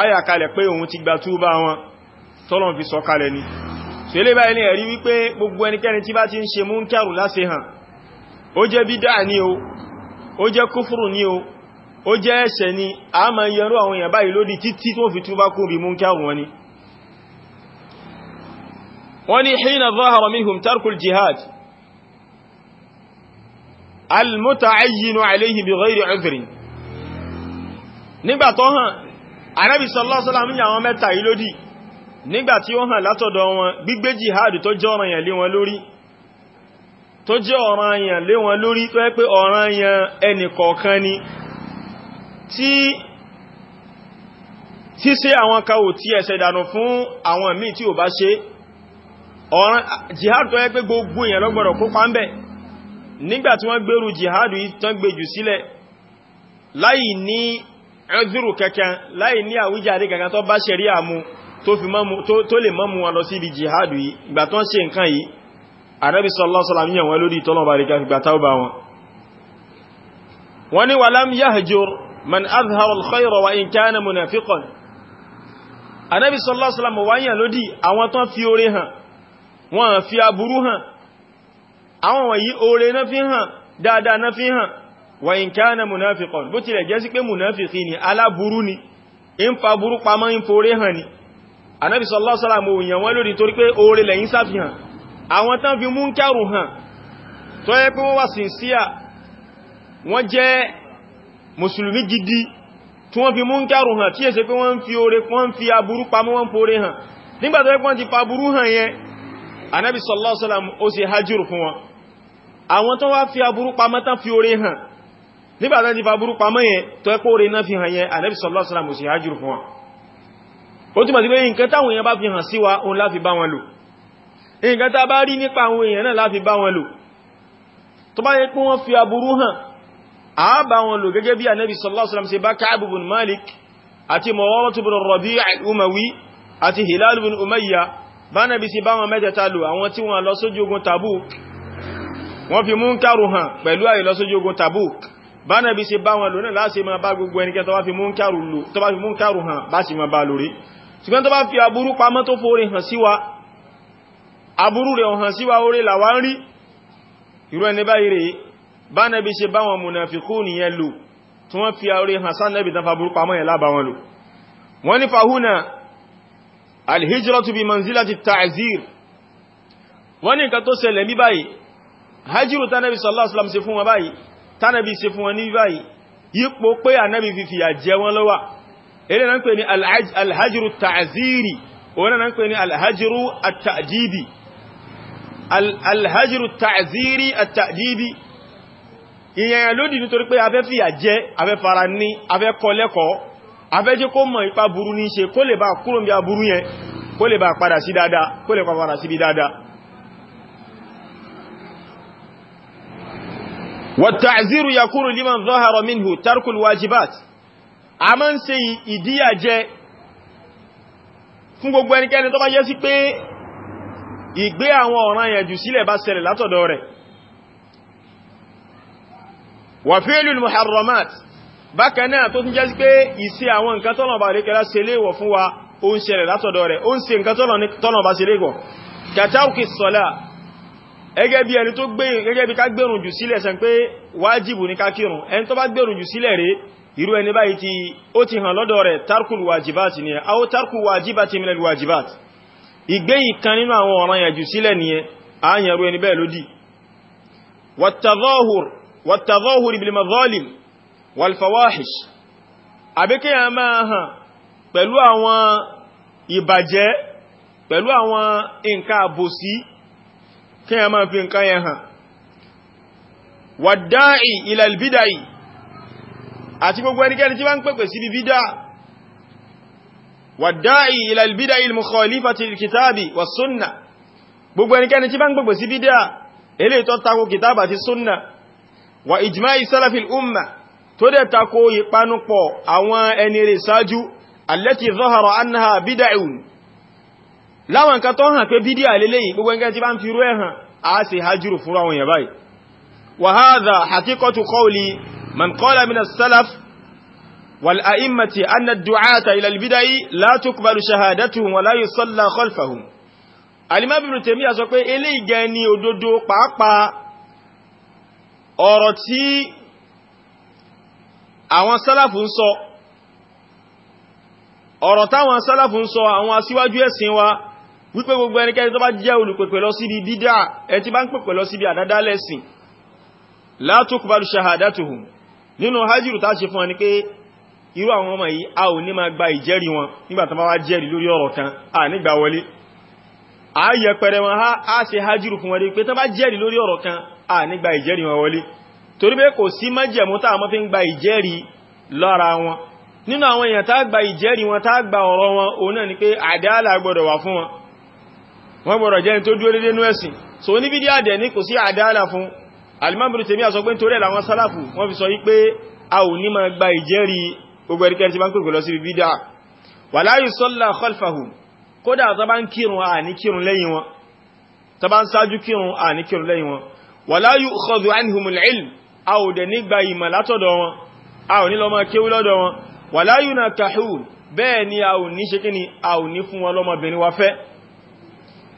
àyà kalẹ̀ pé òun ti gba túbá wọn tọ́lọ̀ fi sọ kalẹ̀ ni so ilé báyìí ní ẹ̀rí wípé gbogbo ẹnikẹ́ni tí bá ti ń ṣe mú ń kẹrù láti hàn ó jẹ́ bídá ní o ó jẹ́ kúfùrù ní o ó jẹ́ ẹ̀ṣẹ̀ ni a ma yẹrú àwọn èèyàn báyìí lódì títí tó fi túbá kún bí mú ń kẹrù wọn ni wọ́n hàn Ànábì sallallahu alaihi wasallam yà àwọn mẹ́ta yìí lódì nígbà tí ó hàn látọ̀dọ̀ wọn gbígbé jihad tó jẹ́ ọ̀ranyàn lé wọn lórí tó jẹ́ ọ̀ranyàn lé wọn lórí tó yẹ pé ọ̀ranyàn ẹnìkọ̀ọ̀kan ni tí tí ṣe àwọn kawò tí ẹsẹ̀ dànù fún àwọn míì tí ò bá ṣe ọ̀ràn jihad tó yẹ pé gbogbo ẹ̀zùrù kankan láì ní àwíjàre kankan tó bá ṣẹ̀rí àmú tó lè mọ́mú wọn lọ sí ibi jihadu yìí ìgbà tó ń ṣe nǹkan yìí Ànábì sallallahu alaihi wasallam yàn wọ́n lórí tọ́lọ̀ bá rí ká fìgbà táwọ́ bá wọn wọ́n ni walam yahjur man azhara al-khayra wa in kana munafiqan Ànábì sallallahu wa in kana munafiqan bó tilẹ̀ jẹ́ sí pé munafiki ni aláburú ni in fa burú pamọ́ in fòrè hàn ni anábi sallallahu alaihi wasallam òyìn wọn lórí torí pé oore lẹ́yìn sáfihàn àwọn tán fi múnkẹ́rù hàn tó yẹ pé wọ́n wà sínsíà wọ́n jẹ́ mùsùlùmí gidi tí wọ́n fi múnkẹ́rù hàn tí èsẹ pé wọ́n fi oore wọ́n fi aburú pamọ́ wọ́n fòrè hàn nígbà tó yẹ pé wọ́n ti fa burú hàn yẹn anábi sallallahu alaihi wasallam ó ṣe hajjúrù fún wọn àwọn tó wá fi aburú pamọ́ tán fi oore hàn nígbàtà ti fa burú pamọ́ yẹn tó ẹ́kọ́ rẹ̀ náà fi hàn yẹn Ànábì sallallahu alaihi wasallam sí hajjúrù fún wa ó túnmà sí pé nǹkan táwọn èèyàn bá fi hàn sí wa òun láfi bá wọn lò nǹkan tá bá rí nípa àwọn èèyàn náà láfi bá wọn lò tó bá yẹ pé wọ́n fi aburú hàn á bá wọn lò gẹ́gẹ́ bí Ànábì sallallahu alaihi wasallam ṣe bá Ka'b Malik àti Mu'awiyah ibn bá nàbí ṣe bá wọn lò náà láti máa bá gbogbo ẹnikẹ́ tó bá fi múnkàrù hàn bá sì máa bá lórí ṣùgbọ́n tó bá fi aburú pamọ́ tó fóorí hàn síwa aburú rẹ̀ hàn síwa orí làwá ń rí irú ẹni báyìí rèé bá nàbí ṣe bá wọn mùnàfikú nìyẹn lò tí wọ́n fi orí hàn sánàbí tán faburú pamọ́ yẹn lábá wọn lò wọ́n ní fahúnà tánàbí ṣe fún wọn ní báyìí yípo pé ànábì fi fìyà jẹ wọn lọ́wà eré náà ń pè ní alhajiru ta'ziri òun náà ń pè ní alhajiru at-ta'jibi alhajiru ta'ziri at-ta'jibi ìyẹn lódì nítorí pé afẹ́ fìyà jẹ afẹ́ fara ní afẹ́ kọ́ lẹ́kọ̀ọ́ afẹ́ jẹ́ kó mọ̀ ipa burú ní ṣe kó lè bá kúrò bí aburú yẹn kó lè bá padà sí dáadáa kó lè padà sí bí dáadáa wàtàzírù yakúrù liman zọ́hàrọ̀ minhu tarkul wajibat a máa ń ṣe ìdíyàjẹ fún gbogbo ẹnikẹ́ni tó bá jẹ́ sí pé ìgbé àwọn ọ̀ràn yẹ̀jù sílẹ̀ bá ṣẹlẹ̀ látọ̀dọ̀ rẹ̀ wà fílùl muharramat bákan náà tó tún jẹ́ sí pé ìṣe àwọn nǹkan tọ́nà ẹgẹ́ bí ẹni tó gbé gẹ́gẹ́ bí ká gbẹ̀rùn jù sílẹ̀ sẹ pé wájìbù ní ká kírun ẹni tó bá gbẹ̀rùn jù sílẹ̀ rẹ̀ irú ẹni báyìí tí ó ti hàn lọ́dọ̀ rẹ̀ tarkul wajibati ni àwọn tarkul wajibati minal wajibati ìgbé ìkan nínú àwọn ọ̀ràn yẹn jù sílẹ̀ nìyẹn ààyàn rú ẹni bẹ́ẹ̀ lódì والتظاهر والتظاهر بالمظالم والفواحش abeke ya ma hàn pẹ̀lú àwọn ìbàjẹ́ pẹ̀lú àwọn nǹkan àbòsí kí a máa fi nǹkan yẹn hàn wàdáì ilẹ̀ albídáì àti gbogbo ẹnikẹ́ni tí wọ́n ń pèpè sí bídá wàdáì ilẹ̀ albídáì mukhalifati kìtàbì wà súnnà gbogbo ẹnikẹ́ni tí wọ́n ń pèpè sí bídá ilé tó tako kìtàbà ti súnnà wà ìjìmáì sálàfil umma tó dẹ̀ tako ìpanupọ̀ àwọn ẹni rẹ̀ sáájú allati zahara annaha bid'un láwọn nǹkan tó hàn pé bídíà lélẹ́yìn gbogbo nǹkan tí bá ń fi rú ẹ̀hàn a sì hajjúrù fún àwọn èèyàn báyìí wa hadha haqiqatu qawli man qala min as-salaf wal a'immati anna ad-du'ata ila al-bid'i la tuqbalu shahadatuhum wa la yusalla khalfahum alima ibn taymiya sọ ọ̀rọ̀ táwọn sálàfù sọ àwọn asíwájú ẹ̀sìn wa wípé gbogbo ẹnikẹ́ni tó bá jẹ́ olùpẹ̀pẹ̀ lọ sí dídá ẹ tí bá ń pẹ̀pẹ̀ lọ sí bí àdádá lẹ́sìn látòkùbalù ṣahadatuhum nínú hajjiru tá ṣe fún wọn ni pé irú àwọn ọmọ yìí a ò ní ma gba ìjẹ́rìí wọn nígbà tó bá wá jẹ́rìí lórí ọ̀rọ̀ kan a nígbà wọlé a yẹ pẹ̀rẹ̀ wọn a ṣe hajjiru fún a nígbà ìjẹ́rìí wọn wọlé torí pé kò sí májẹ̀mú tá a mọ́ fi ń gba ìjẹ́rìí lára wọn nínú àwọn èèyàn tá gba ìjẹ́rìí wọn tá gba wọ́n gbọ́dọ̀ jẹ́ tó dúró dédé nẹ́sìn so ní bídí àdẹ̀ ní kò sí àdáàlà fún alimambiri tèmi àsọ pé torí àwọn sálàfù wọ́n fi sọ yí pé a ò ní máa gba ìjẹ́rí gbogbo ẹ̀ríkẹ́ tí bá ń pè lọ sí bídá wà láyé sọ́lá khalfahum kódà tó bá ń kírun à ní kírun lẹ́yìn wọn tó bá ń sáájú kírun à ní kírun lẹ́yìn wọn wà láyé bẹ́ẹ̀ ni a ò ní ṣe kíni a ò ní fún wọn wa fẹ́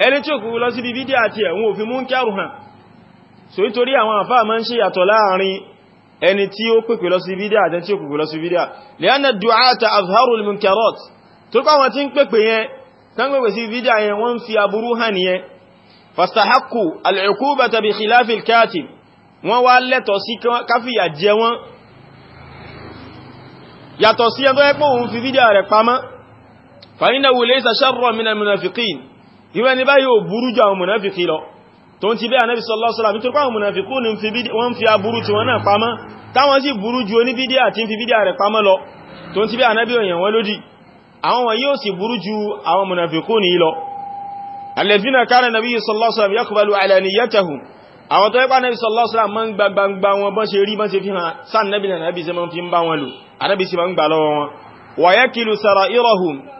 ẹni tí ó kúrú lọ sí ibi díà àti ẹ̀wọ̀n òfin mú ń kẹrù hàn so nítorí àwọn àfáà máa ń ṣe yàtọ̀ láàrin ẹni tí ó pèpè lọ sí ibi díà àti tí ó kúrú lọ sí ibi díà lẹ́yànà du'ata azharul munkarat tó kọ́ wọn tí ń pèpè yẹn fa innahu laysa sharran min al-munafiqin irú ẹni báyìí ò burú jù àwọn mùnáfikì lọ tó ń ti bẹ́ ànábì sallallahu alaihi wasallam nítorí pé àwọn mùnáfikù ní wọ́n fi aburú tí wọ́n náà pamọ́ táwọn sì burú jù oníbídí àti fi bídí rẹ̀ pamọ́ lọ tó ń ti bẹ́ ànábì òyìn wọn lódì àwọn wọ̀nyí ò sì burú jù àwọn mùnáfikù ní lọ alladhina kana nabiyyu sallallahu alaihi wasallam yaqbalu alaniyatahum àwọn tó yẹ́pá nẹ́bí sallallahu alaihi wasallam máa ń gba gbangba wọn bọ́n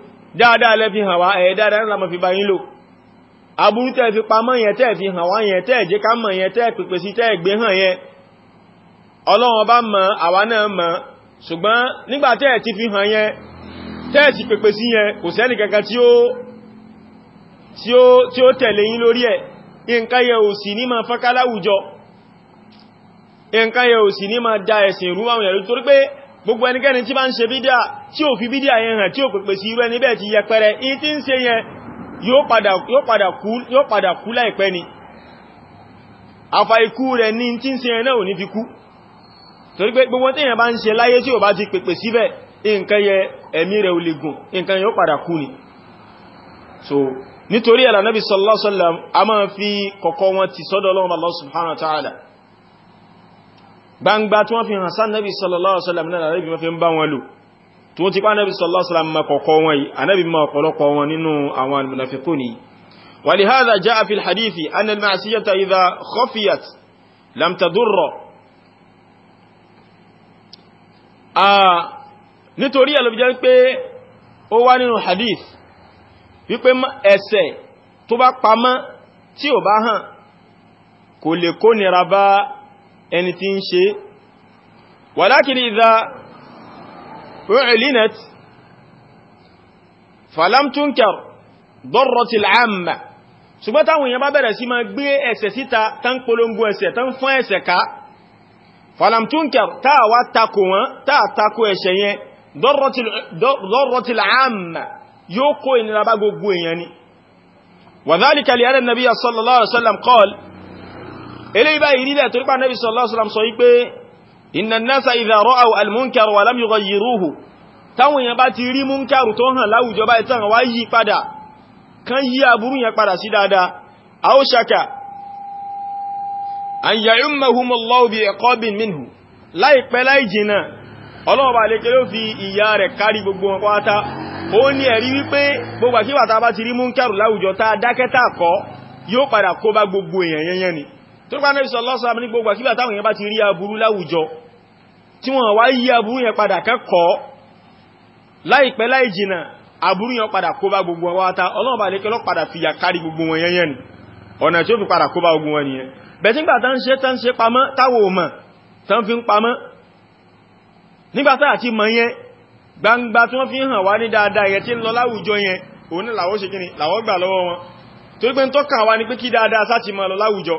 dáadáa lẹ́ fi hàn wá ẹ̀ dáadáa ńlá mọ̀ fi bá yín lò aburú tẹ́ fi pamọ́ yẹn tẹ́ fi hàn wá yẹn tẹ́ jẹ́ ká mọ̀ yẹn tẹ́ pèpè sí tẹ́ gbé hàn yẹn ọlọ́run bá mọ̀ àwa náà mọ̀ ṣùgbọ́n nígbà tẹ́ ti fi hàn yẹn tẹ́ ti pèpè sí yẹn kò sẹ́ni kankan tí ó tẹ̀lé yín lórí ẹ̀ nǹkan yẹ gbogbo ẹnikẹ́ni tí bá ń ṣe bídíà tí ò fi bídíà yẹn hàn tí ò pèpè sí irú ẹni bẹ́ẹ̀ ti yẹpẹrẹ in tí ń ṣe yẹn yóò padà kú láìpẹ́ ni afa ikú rẹ̀ ní tí ń ṣe yẹn náà ò ní fi kú torí pé gbogbo tí yẹn bá ń ṣe láyé tí ò bá ti pèpè síbẹ̀ nǹkan yẹ ẹ̀mí rẹ̀ ò lè gùn nǹkan yóò padà kú ni so nítorí ẹ̀lànàbí sallallahu alaihi wasallam a máa fi kọ̀kọ́ wọn ti sọ́dọ̀ Ọlọ́run Allah subhanahu wa ta'ala gbangba tí wọ́n fi hàn sán nabi sallallahu alaihi wasallam náà ànábì wọ́n fi ń bá wọn lò tí wọ́n ti pa nabi sallallahu alaihi wasallam makọ̀kọ́ wọn yìí ànábì ma ọ̀pọ̀lọpọ̀ wọn nínú àwọn almunafiqun yìí ولهذا جاء ẹni tí ń ṣe walakin idha u'linat falam tunkar darrat al-amma ṣùgbọ́n táwọn èèyàn bá bẹ̀rẹ̀ sí máa gbé ẹ̀ṣẹ̀ síta tán polongo ẹ̀ṣẹ̀ tán fún ẹ̀ṣẹ̀ ká falam tunkar táà wá takò wọn táà takò ẹ̀ṣẹ̀ yẹn darrat al-amma yóò kó ìnira bá gbogbo èèyàn ni wa dhalika li anna sallallahu alaihi wasallam qala eléyìí báyìí rí bẹ́ẹ̀ torí pé Ànábì sallallahu alaihi wasallam sọ wípé inna an-nasa idha ra'aw al-munkar wa lam yughayyiruhu táwọn èèyàn bá ti rí múnkàrù tó hàn láwùjọ báyìí tán wá yí padà kan yí aburú yẹn padà sí dáadáa aw shaka an ya'ummahumullahu bi'iqabin minhu láìpẹ́ láì jìnà Ọlọ́run bá lè kéré ó fi ìyà rẹ̀ kárí gbogbo wọn pátá ó ni tó gbá nẹ́bí sọ́lọ́sọ́ àmì ní gbogbo àkíbà táwọn èèyàn bá ti rí aburú láwùjọ tí wọ́n wá yí aburú yẹn padà kẹ́kọ̀ọ́ láìpẹ́ láì jìnà aburú yẹn padà kó bá gbogbo wọn wáta ọlọ́run bá lékẹ́ lọ padà fìyà kárí gbogbo wọn yẹn ni ọ̀nà tí ó fi padà kó bá gbogbo wọn nìyẹn bẹ̀tí nígbà tán ṣe tán ṣe pamọ́ táwò mọ̀ tán fi ń pamọ́ nígbà tá àti mọ̀ yẹn gbangba tí wọ́n fi hàn wá ní dáadáa yẹn tí ń lọ láwùjọ yẹn pé kí dáadáa sá ti lọ láwùjọ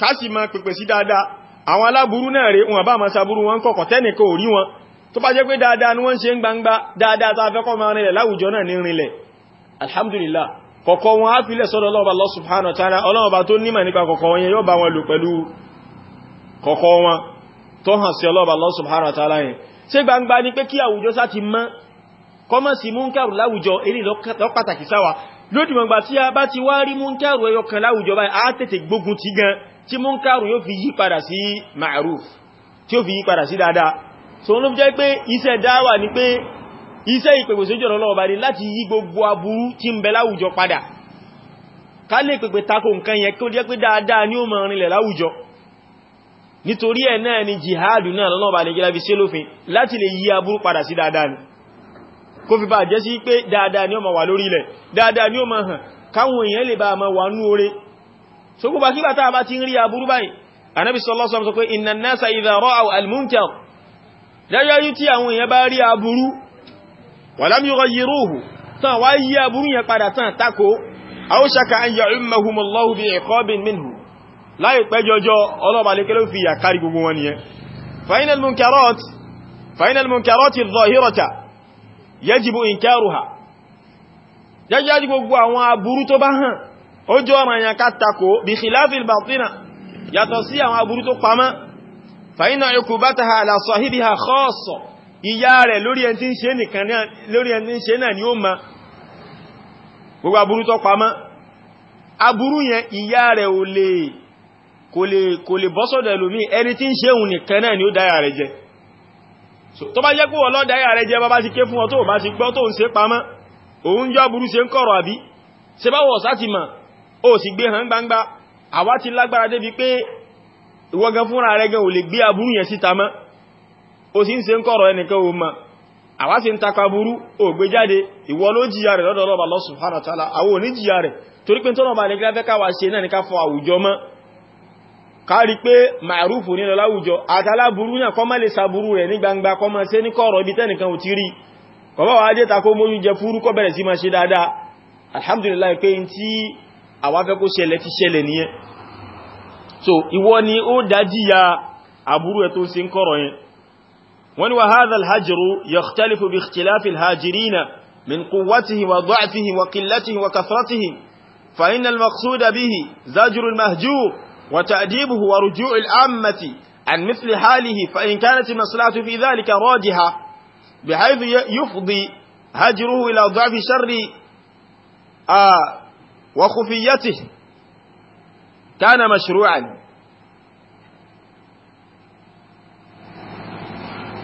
kásì máa pèpè sí dáadáa àwọn aláburú náà rẹ̀ wọn bá máa sàbúrú wọn kọ̀kọ̀ tẹ́nìkọ̀ orí wọn tó bá jẹ́ pé dáadáa ni wọ́n ṣe ń gbangba dáadáa tá a fẹ́ kọ́ láwùjọ náà ní rinlẹ̀ alhamdulillah kọ̀kọ̀ wọn á filẹ̀ sọ́dọ̀ ọlọ́ọ̀bà Allah subhanahu wa ta'ala ọlọ́ọ̀bà tó nímọ̀ nípa kọ̀kọ̀ wọn yẹn yóò bá wọn lò pẹ̀lú kọ̀kọ̀ wọn tó hàn sí ọlọ́ọ̀bà Allah subhanahu wa ta'ala yẹn ṣé gbangba ni pé kí àwùjọ sá ti mọ́ kọ́mọ́ sí múnkàrù láwùjọ eré lọ pàtàkì sáwà lódìmọ̀gbà tí a bá ti wá rí múnkàrù ẹyọkan láwùjọ báyìí á tètè gbógun ti gan tí múnkàrù yóò fi yí padà sí ma'ruf tí ó fi yí padà sí dáadáa so ló jẹ́ pé iṣẹ́ dáwà ni pé iṣẹ́ ìpèpè sójú ọ̀nà ọlọ́ọ̀bá ni láti yí gbogbo aburú tí ń bẹ láwùjọ padà ká lè pèpè tako nǹkan yẹn kó jẹ́ pé dáadáa ni ó mọ̀ rinlẹ̀ láwùjọ nítorí ẹ̀ náà ni jihadu náà lọ́nà ọba nìjẹ́lá fi ṣe lófin láti lè yí aburú padà sí dáadáa ni kó fi bá jẹ́ sí pé dáadáa ni káwọn èèyàn lè bá mọ̀ wà nú oore so gbogbo akígbà tàà bá ti ń rí aburú báyìí anábi sallallahu alaihi wasallam sọ pé inna nasa idha ra'aw al-munkar dájájú tí àwọn èèyàn bá rí aburú wa lam yughayyiruhu tán wá yí aburú yẹn padà tán tako aw shaka an ya'ummahum Allahu ó jọ ọ̀rọ̀ èèyàn ká takò bí khilafil bàtínà yàtọ̀ sí àwọn aburú tó pamọ́ fàyínà ikú bá ta àlà sọ̀híbi ha kọ́ọ̀sọ̀ ìyá rẹ̀ lórí ẹni tí ń ṣe nìkan lórí ẹni tí ń ṣe náà ni ó ma gbogbo aburú tó pamọ́ aburú yẹn ìyá rẹ̀ ò lè kò lè bọ́sọ̀dọ̀ ẹlòmí ẹni tí ń ṣe òun nìkan náà ni ó dáyà rẹ̀ jẹ tó bá jẹ́ pé lọ́dáyà rẹ̀ jẹ bá ti ké fún ọ tó bá ti gbọ́ tó ń ṣe pamọ́ òun jọ aburú ṣe ń kọ̀rọ̀ àbí ṣe bá wọ̀ ó sì gbé hàn gbangba àwa ti lágbára débi pé ìwọ́gan fúnra rẹ̀ gan ò lè gbé aburú yẹn síta mọ́ ó sì ń ṣe ń kọ̀rọ̀ ẹnìkan ò mọ̀ àwa sì ń takọ aburú ò gbé jáde ìwọ ló jìyà rẹ̀ lọ́dọ̀ ọlọ́ba Allah subhanahu wa ta'ala àwọn ò ní jìyà rẹ̀ torí pé tọ́nà ọba nìkan fẹ́ káwa ṣe náà ní ká ti alhamdulillah pé àwa fẹ́ kó ṣẹlẹ̀ ti ṣẹlẹ̀ ni ó dájí ya àbúrú so ìwọ ni ó daji ya àbúrú ẹ̀ tó ń ṣe ń kọ́rọ̀ yẹn wọ́n ni wa hadha alhajiru yakhtalifu bi ikhtilafi alhajirina min quwwatihi wa dha'fihi wa qillatihi wa kathratihi fa inna almaqsud bihi zajru almahjur wa ta'dibuhu wa ruju' al'ammati an mithli halihi fa in kanat almaslahatu fi dhalika rajiha bihaythu yufdi hajruhu ila dha'fi sharri وخفيته كان مشروعا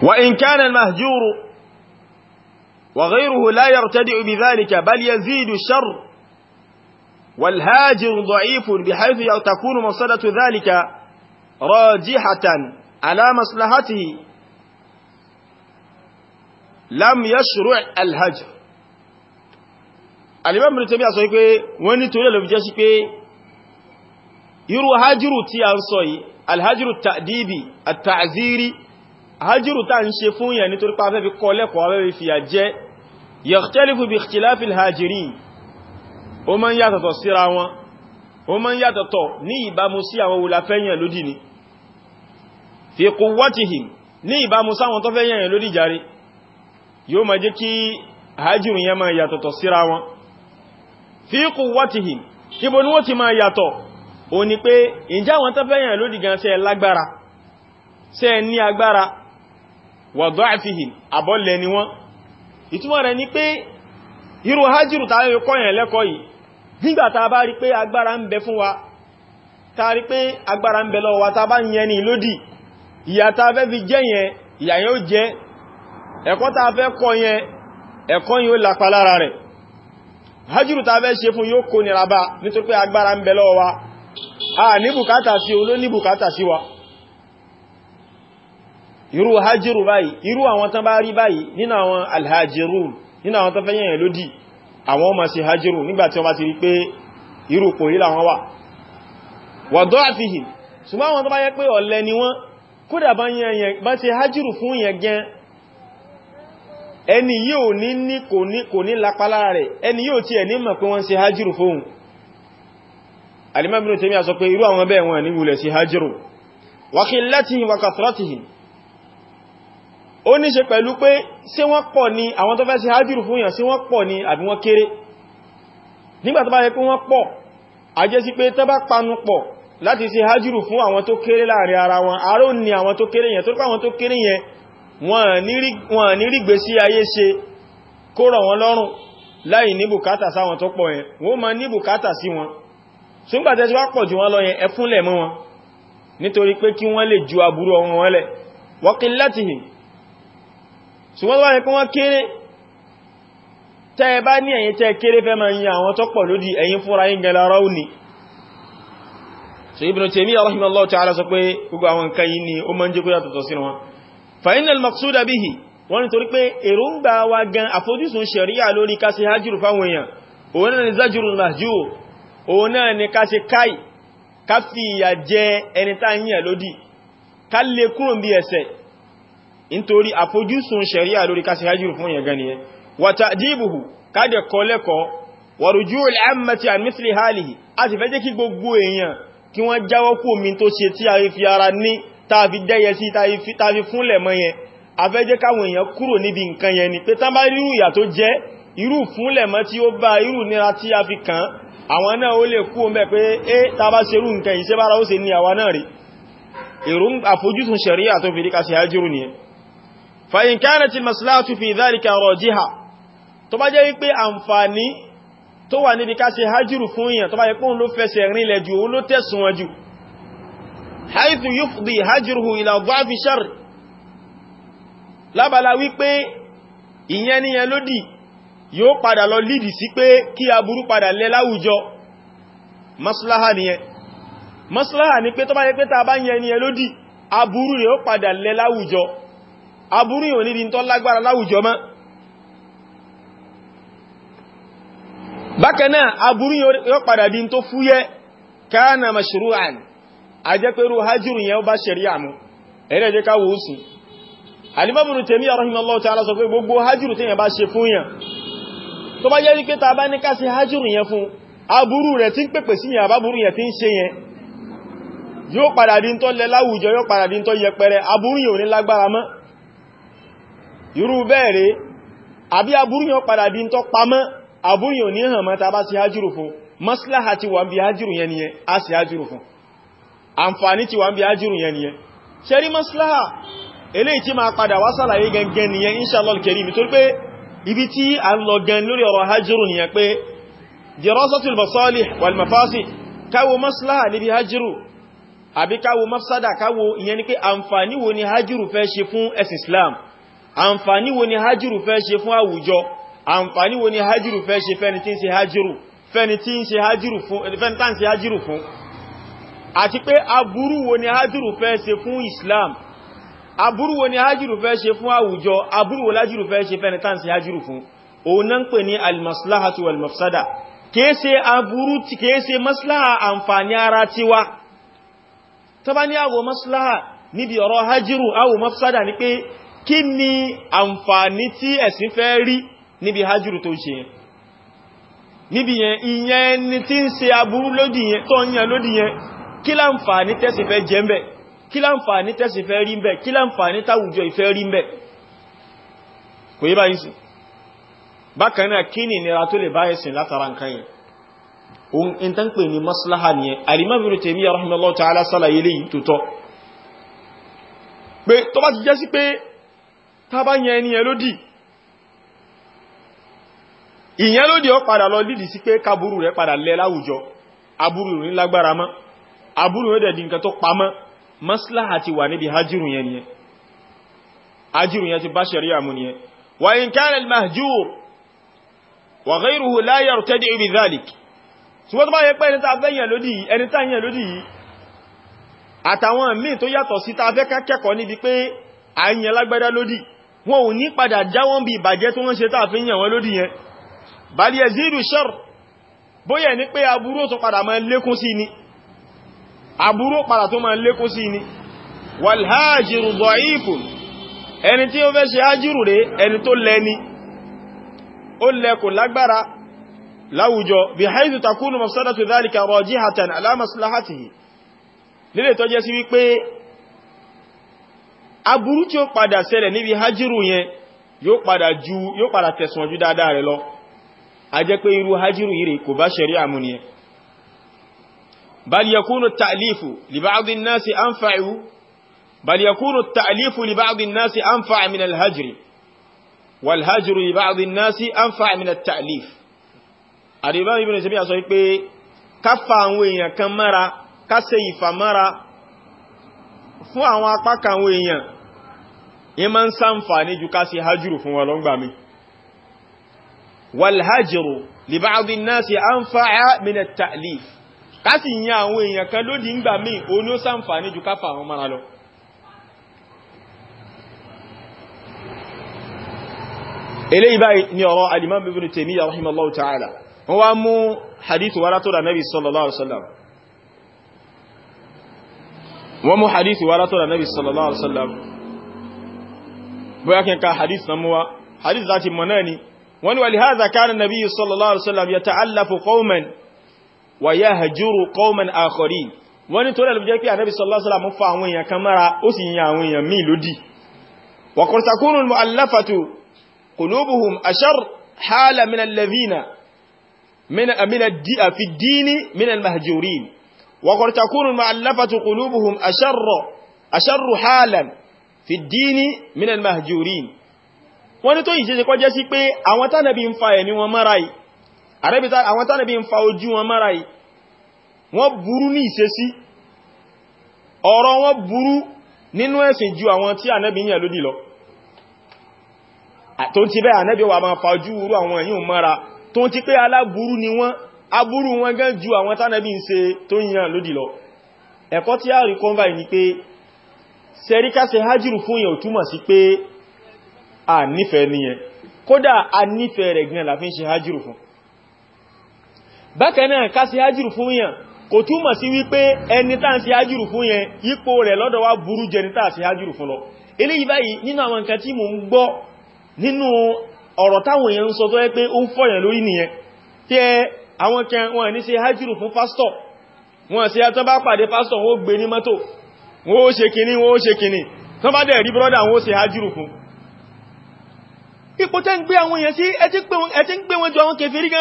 وإن كان المهجور وغيره لا يرتدع بذلك بل يزيد الشر والهاجر ضعيف بحيث تكون مصدة ذلك راجحة على مصلحته لم يشرع الهجر Al-Imam Ibn Taymiyyah sọ pé wọ́n ní torí lọ́fi jẹ́ sí pé irú hajjúrù tí a ń sọ yìí alhajjúrù tàdíbi àtàzírí hajjúrù tàà ń ṣe fún yẹn nítorí pa afẹ́fi kọ́ lẹ́kọ̀ọ́ afẹ́fi fìyà jẹ yakhtalifu bi ikhtilafi al-hajirin ó máa ń yàtọ̀tọ̀ síra wọn ó máa ń yàtọ̀tọ̀ yóò máa jẹ́ kí hajjúrù yẹn máa yàtọ̀tọ̀ síra wọn fi quwwatihim ibo ni wọ́n ti máa yàtọ̀ ó ní pé ǹjẹ́ àwọn tó fẹ́yàn lódì gan ṣe lágbára ṣe ní agbára wa da'fihim àbọ́lẹ̀ ni wọ́n ìtumọ̀ rẹ̀ ni pé irú hajjúrù tàbí kọ́yàn lẹ́kọ̀ọ́ yìí nígbà tá bá ẹ̀kọ́ yìí ó lápa lára rẹ̀ hajjúrù ta fẹ́ ṣe fún yóò kó nira bá nítorí pé agbára ń bẹ lọ́wọ́ wa a ní bùkátà sí oló ní bùkátà sí wa irú hajjúrù báyìí irú àwọn tán bá rí báyìí nínú àwọn alhajjúrù nínú àwọn tán fẹ́ yẹn lódì àwọn ọmọ sí hajjúrù nígbàtí wọ́n bá ti rí pé irú kò rí làwọn wà wàdọ́ àfihì ṣùgbọ́n àwọn ẹni yóò ní ní kò ní lápálá rẹ̀ ẹni yóò tí ẹ̀ ní mọ̀ pé wọ́n ṣe hajjúrù fóhun alimabinu tèmi a sọ pé irú àwọn bẹ́ẹ̀ wọn ní wulẹ̀ sí hajjúrù wàkílátihìn wàkàtúrátihìn ó ní ṣe pẹ̀lú pé ṣé wọ́n pọ̀ ni àwọn tó fẹ́ ṣe hajjúrù fún yàn wọ́n pọ̀ ni àbí wọ́n kéré nígbà tó bá yẹ pé wọ́n pọ̀ a jẹ́ sí pé tó bá panu pọ̀ láti ṣe hajjúrù fún àwọn tó kéré ni wọn ní rígbé sí ayé ṣe kó rọ̀ wọn lọ́rùn láì ní bùkátà sáwọn tó pọ̀ yẹn wọ́n ma ní bùkátà sí wọn ṣúgbàtẹ́ tí wá pọ̀ jù wọn lọ yẹn ẹfúnlẹ̀ mọ́ wọn nítorí pé kí wọ́n lè ju aburú ọmọ wọn lẹ̀ wọ́kín láti hìn ṣùgbọ́n tó wá ní pé wọ́n kéré tẹ́ ẹ bá ní ẹ̀yin tẹ́ fàínà maksúdà bíhì wọ́n nítorí pé èròǹgbà wa gan àfojúsùn ṣẹ̀ríyà lórí ká ṣe hajjúrù fáwọn èèyàn òun náà ni zájúrù lájú òun náà ni ká ṣe káì ká fi ìyà jẹ ẹni tá yíyà lódì ká lè kúrò bí ẹsẹ̀ nítorí àfojúsùn ṣẹ̀ríyà lórí ká ṣe hajjúrù fún èèyàn gan nìyẹn tàbí dẹ́yẹ sí tàbí fúnlẹ̀ mọ́ yẹn afẹ́jẹ́ káwọn èèyàn kúrò níbi nǹkan yẹn ni pé tán bá rírù ìyà tó jẹ́ irú fúnlẹ̀ mọ́ tí ó bá irú nira tí a fi kàn àwọn náà ó lè kú mẹ́ pé é tàbá serú nǹkan yìí sẹ́bára ó ṣe ní àwa náà rí èrò àfojúsùn ṣẹ̀ríyà tó fi díka sí hajjiru nìyẹn fa in kanat al maslahatu fi dhalika rajiha tó bá jẹ́ wípé àǹfààní tó wà níbi ká ṣe hajjiru fún èèyàn tó bá yẹ pé òun ló fẹsẹ̀ rinlẹ̀ jù òun ló tẹ̀sùn wọn jù haithu yufdi hajruhu ila dhafi shar lábàlá wípé ìyẹn níyẹn lódì yóò padà lọ lídì sí pé kí aburú padà lẹ láwùjọ maslaha nìyẹn maslaha ni pé tó bá yẹ pé ta bá yẹn níyẹn lódì aburú rẹ̀ ó padà lẹ láwùjọ aburú yóò nídi tó lágbára láwùjọ mọ́ bákanáà aburú yóò padà di tó fúyẹ́ kana mashru'an a jẹ́ pé irú hajjúrù yẹn ó bá ṣẹ̀ríà mu ẹ̀rẹ́ jẹ́ ká wò ó sùn alimọ́bùnú tèmí rahimahullahu ta'ala sọ pé gbogbo hajjúrù tí yẹn bá ṣe fún yẹn tó bá jẹ́ pé ta bá ní ká ṣe hajjúrù yẹn fún aburú rẹ̀ tí ń pèpè sí yẹn àbáburú yẹn tí ń ṣe yẹn yóò padà di ya lẹ àǹfààní ti wà ń bí ájírù yẹn nìyẹn ṣẹ́rí maslaha eléyìí tí máa padà wá sàlàyé gangan nìyẹn inṣàlọ́l kẹrìm tó pé ibi tí a ń lọ gan lórí ọ̀rọ̀ hajjiru nìyẹn pé jirasatul masalih wal mafasid káwo maslaha níbi hajjiru àbí káwo mafsada káwo ìyẹn ni pé àǹfààní wo ni hajjiru fẹ́ ṣe fún ẹ̀sìn islam àǹfààní wo ni hajjiru fẹ́ ṣe fún fẹ́ni tí ń ṣe hajjiru fún àti pé aburú wo ni hajjúrù fẹ́ ṣe fún islam aburu wo ni hajjúrù fẹ́ ṣe fún àwùjọ aburú wo lájúrù fẹ́ ṣe fẹ́ni tán sí hajjúrù fún òun náà ń pè ní almaslahatu walmafsada kéèṣe aburú ti kéèṣe maslaha àǹfààní ara tiwa tó bá ní àwọ̀ maslaha níbi ọ̀rọ̀ hajjúrù àwọ̀ mafsada ni pé kí ni àǹfààní tí ẹ̀sìn fẹ́ rí níbi hajjúrù tó ṣe níbi yẹn ìyẹn ni tí ń ṣe aburú lódì tó ń yẹn lódì kí láǹfààní tẹ́sì fẹ́ jẹ́ mbẹ̀ kí láǹfààní tẹ́sì fẹ́ rí mbẹ̀ kí láǹfààní táwùjọ ìfẹ́ rí mbẹ̀ kò yí báyìí sí bákan náà kí ni ìnira tó lè bá ẹ̀sìn látara nǹkan yẹn òun in tán pè ní maslaha nìyẹn Al-Imam Ibn Taymiyyah rahimahullah ta'ala sálàyé léyìí tó tọ́ pé tó bá ti jẹ́ sí pé tábá yẹn ẹni yẹn lódì ìyẹn lódì ó padà lọ lídìí sí pé káburú rẹ̀ padà lẹ́ láwùjọ aburú rẹ̀ lágbára mọ́ abúrú yóò dẹ̀ di nǹkan tó pamọ́ maslaha ti wà níbi hajjírù yẹn ni hajjírù yẹn ti bá ṣẹ̀ríà mu ni wa in kana al-mahjur wa ghayruhu la yartadi' bi dhalik ṣùgbọ́n ní padà jáwọ́n bí ìbàjẹ́ tó wọ́n ṣe tá bóyẹ̀ ní pé aburú tó padà máa lékún sí ni aburú padà tó máa lékó sí ni walhajiru dọ̀ífù ẹni tí ó fẹ́ ṣe ájírù rẹ̀ ẹni tó lẹ́ni ó lẹ́kò lágbára láwùjọ bí haizu takúnù mafsada tó dhalika rajihatan ala maslahatihi lílẹ̀ tó jẹ́ sí wípé aburú tí ó padà ṣẹlẹ̀ níbi hajírù yẹn yóò padà pé irú hajírù yìí kò bá ṣẹ̀rí àmúniyàn بل يكون التأليف لبعض الناس أنفع بل يكون التأليف لبعض الناس أنفع من الهجر والهجر لبعض الناس أنفع من التأليف الإمام ابن سبيع صحيح بي كفا وين كمرا كسيف مرا فوا واقا كان وين يمن سنفا نجو كاسي هجر فوا لنبامي والهجر لبعض الناس أنفع من التأليف ká sì yan àwọn èèyàn kan lódì ńgbà míì òun ló sàǹfààní ju káfà àwọn mara lọ eléyìí báyìí ni ọ̀rọ̀ al-Imam Ibn Taymiyyah rahimahullahu ta'ala wọ́n wá mú hadith wá látọ̀dọ̀ Nabi sallallahu alaihi wasallam wọ́n mú hadith wá látọ̀dọ̀ Nabi sallallahu alaihi wasallam bóyá kí n ka hadith na mú wá hadith láti mọ̀ náà ni wọ́n ni wa li hadha sallallahu alaihi wasallam yata'allafu qauman wa yahjuru qauman akharin wọ́n ní torí ẹ̀lùjẹ́ pé ànábì sallallahu alaihi wasallam fa àwọn èèyàn kan mara ó sì yin àwọn èèyàn míì lódì wa qad takunu al-mu'allafatu qulubuhum ashar hala àrẹ́bìta àwọn tánàbí ń fa ojú wọn mára yìí wọ́n burú ní ìṣesí ọ̀rọ̀ wọn burú nínú ẹ̀sìn ju àwọn tí ànẹ́bì yẹn lódì lọ tó ti bẹ́ ànẹ́bì wà máa fa ojú wúrú àwọn èyàn mára tó ti pé aláburú ni wọ́n aburú wọn gan ju àwọn tánàbí ń ṣe tó yàn lódì lọ ẹ̀kọ́ tí a rí kọ́nvà ní pé sẹ́ríkàṣe hajjúrù fún yẹn ò túmọ̀ sí pé a nífẹ̀ẹ́ nìyẹn kódà a nífẹ̀ẹ́ rẹ̀ gan la hajjúrù fún bákan na ká sí ájìrù fún yàn kò túmọ̀ sí wípé ẹni tá ń sí ájìrù fún yẹn ipò rẹ̀ lọ́dọ̀ wa burú jẹ ní tá sí ájìrù fún lọ eléyìí báyìí nínú àwọn nǹkan tí mò ń gbọ́ nínú ọ̀rọ̀ táwọn èèyàn ń sọ tó nìyẹn tí ẹ àwọn kan wọn ní sí ájìrù fún pásítọ̀ wọn sí ẹtọ́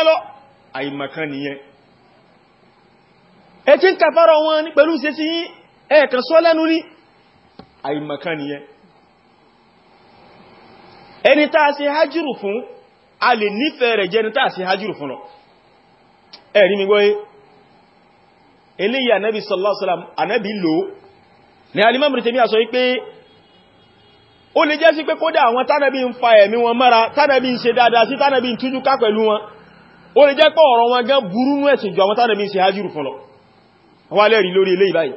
lọ àìmọ̀kan nìyẹn ẹ tí ń kàfàrọ wọn ní pẹ̀lú ṣe sí ẹ̀ẹ̀kan sọ lẹ́nu ní àìmọ̀kan nìyẹn ẹni tàà ṣe hajjúrù fún a lè nífẹ̀ẹ́ rẹ̀ jẹ́ ẹni tàà ṣe hajjúrù fún lọ ẹ̀rí mi sallallahu alaihi wasallam ànábì lò ní alimọ́mùrì tèmi àsọ wípé ó lè jẹ́ sí pé kódà àwọn tánàbí ń fa ẹ̀mí wọn mọ́ra tánàbí ń ṣe dáadáa sí tánàbí ń tújú ká pẹ̀lú wọn ó lè jẹ́ pọ̀ ọ̀rọ̀ wọn gan burú nú ẹ̀sìn jù àwọn tánà mi ṣe hajjúrù fún lọ wà lẹ́rìí lórí ilé ìbáyìí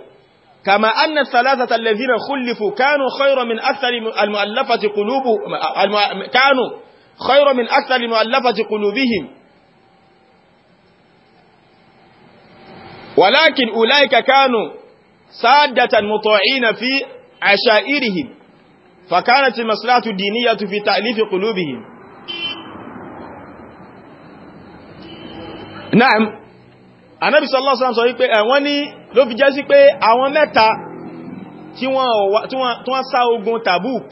kama anna salasata lezina khulifu kanu khayro min asali almu'allafati qulubu kanu khayro min asali fi ashairihim فكانت المصلحة الدينية في قلوبهم Naam Ànábì sallallahu alaihi wasallam sọ wípé ẹ̀wọ́n ní ló fi jẹ́ sí pé àwọn mẹ́ta tí wọ́n sá ogun Tabuk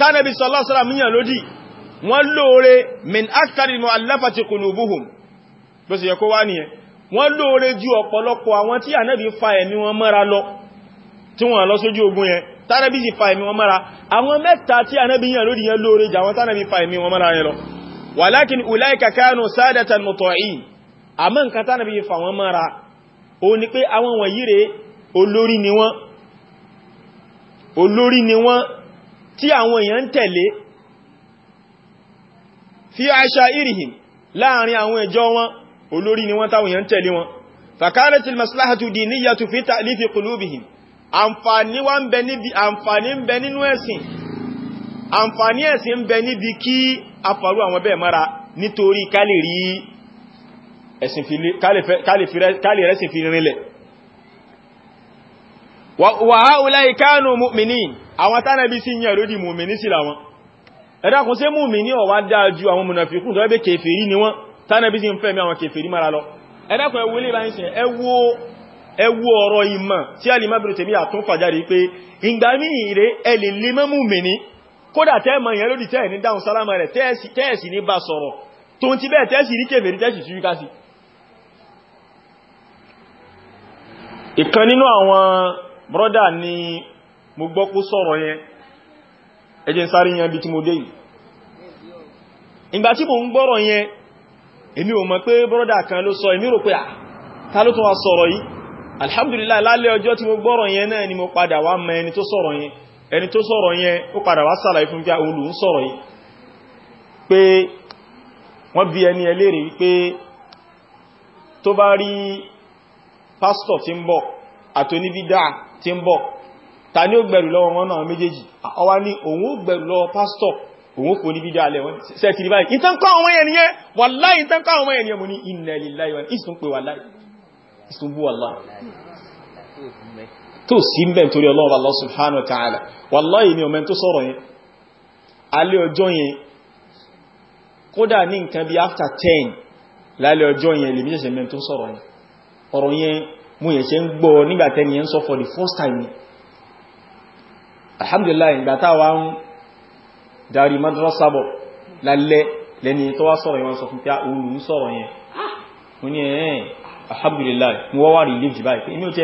tánàbí sallallahu alaihi wasallam níyàn lódì wọ́n lóore min akthari mu'allafati qulubuhum bó sì yẹ kó wá nìyẹn wọ́n lóore ju ọ̀pọ̀lọpọ̀ àwọn tí Ànábì fa ẹ̀mí wọn mọ́ra lọ tí wọ́n lọ sójú ogun yẹn tánàbí sì fa ẹ̀mí wọn mọ́ra àwọn mẹ́ta tí Ànábì yàn lódì yẹn lóore jà wọn tánàbí fa ẹ̀mí wọn mọ́ra yẹn lọ walakin ulaika kanu sadatan muta'in àmọ́ nǹkan tá nàbí fà wọ́n mara ó ní pé àwọn wọ̀nyí rẹ̀ olórí ni wọ́n olórí ni wọ́n tí àwọn èèyàn ń tẹ̀lé fi ashairihim láàrin àwọn ìjọ wọn olórí ni wọ́n táwọn èèyàn tẹ̀lé wọn fakanatil maslahatu diniyatu fi ta'lifi qulubihim àǹfààní wà ń bẹ níbi àǹfààní ń bẹ nínú ẹ̀sìn àǹfààní ẹ̀sìn ń bẹ níbi apàrú àwọn bẹ́ẹ̀ mọ́ra nítorí kálì rẹ̀sìn fi rinlẹ̀ wà áúlá ìkánù mùmìnì àwọn tánàbí sí yẹn lódí mùmìnì sí làwọn ẹ̀dàkùn sí mùmìnì ọ̀wá dájú àwọn mùnàfikún tó ẹbẹ́ kèfèrí ni wọ́n tánàbí sí ń fẹ́ mi àwọn kèfèrí mara lọ ẹ̀dàkùn ẹwú ilé báyìí sìn ẹwú ọ̀rọ̀ ìmọ̀ tí alìmọ́bìnrin tèmi àtúnfàjáde pé ìgbàmí ìrẹ́ ẹlẹ́lẹ́mọ́ mùmìnì kódà tẹ́ẹ̀mọ̀ yẹn lórí tẹ́ẹ̀ ní dáhùn sálámà rẹ̀ tẹ́ẹ̀sì ní bá sọ̀rọ̀ tó ń ti bẹ́ẹ̀ tẹ́ẹ̀sì rí kèfèrí tẹ́ẹ̀sì sí wíká sí ìkan nínú àwọn brọ́dà ni mo gbọ́ kó sọ̀rọ̀ yẹn ẹ jẹ́ n sáré yẹn bí tí mo dé yìí ìgbà tí mo ń gbọ́rọ̀ yẹn èmi ò mọ̀ pé brọ́dà kan ló sọ èmi rò pé ta ló tún wá sọ̀rọ̀ yìí alhamdulillah lálẹ́ ọjọ́ tí mo gbọ́rọ̀ yẹn náà ni mo padà wá mọ ẹni tó sọ̀rọ̀ yẹn ẹni tó sọ̀rọ̀ yẹn ó padà wá sàlàyé fún bí àwọn olùn sọ̀rọ̀ yìí pé wọ́n bi ẹni ẹlẹ́rìí wípé tó bá rí pásítọ̀ tí ń bọ̀ àtòníbídà tí ń bọ̀ ta ní ó gbẹ̀rù lọ́wọ́ wọn náà méjèèjì ọwá ní òun ó gbẹ̀rù lọ́wọ́ pásítọ̀ òun ó kò ní bídá alẹ́ wọn tó sí ń bẹ̀ nítorí ọlọ́ọ̀bà Allah subhanahu wa ta'ala wallahi ni ọmọ tó sọ̀rọ̀ yẹn alẹ́ ọjọ́ yẹn kódà ní nǹkan bí after 10 lálẹ́ ọjọ́ yẹn lè méjèṣẹ́ mẹ́ tó sọ̀rọ̀ yẹn ọ̀rọ̀ yẹn mú yẹ̀ ṣe ń gbọ́ nígbàtẹ́ni for the first time yẹn alhamdulillah ìgbà táwa ń darí madrasa bọ̀ lálẹ́ lẹ́ni tó wá sọ̀rọ̀ yẹn sọ fún pé ah, òun sọ̀rọ̀ yẹn mo ní ẹ̀ẹ́ alhamdulillah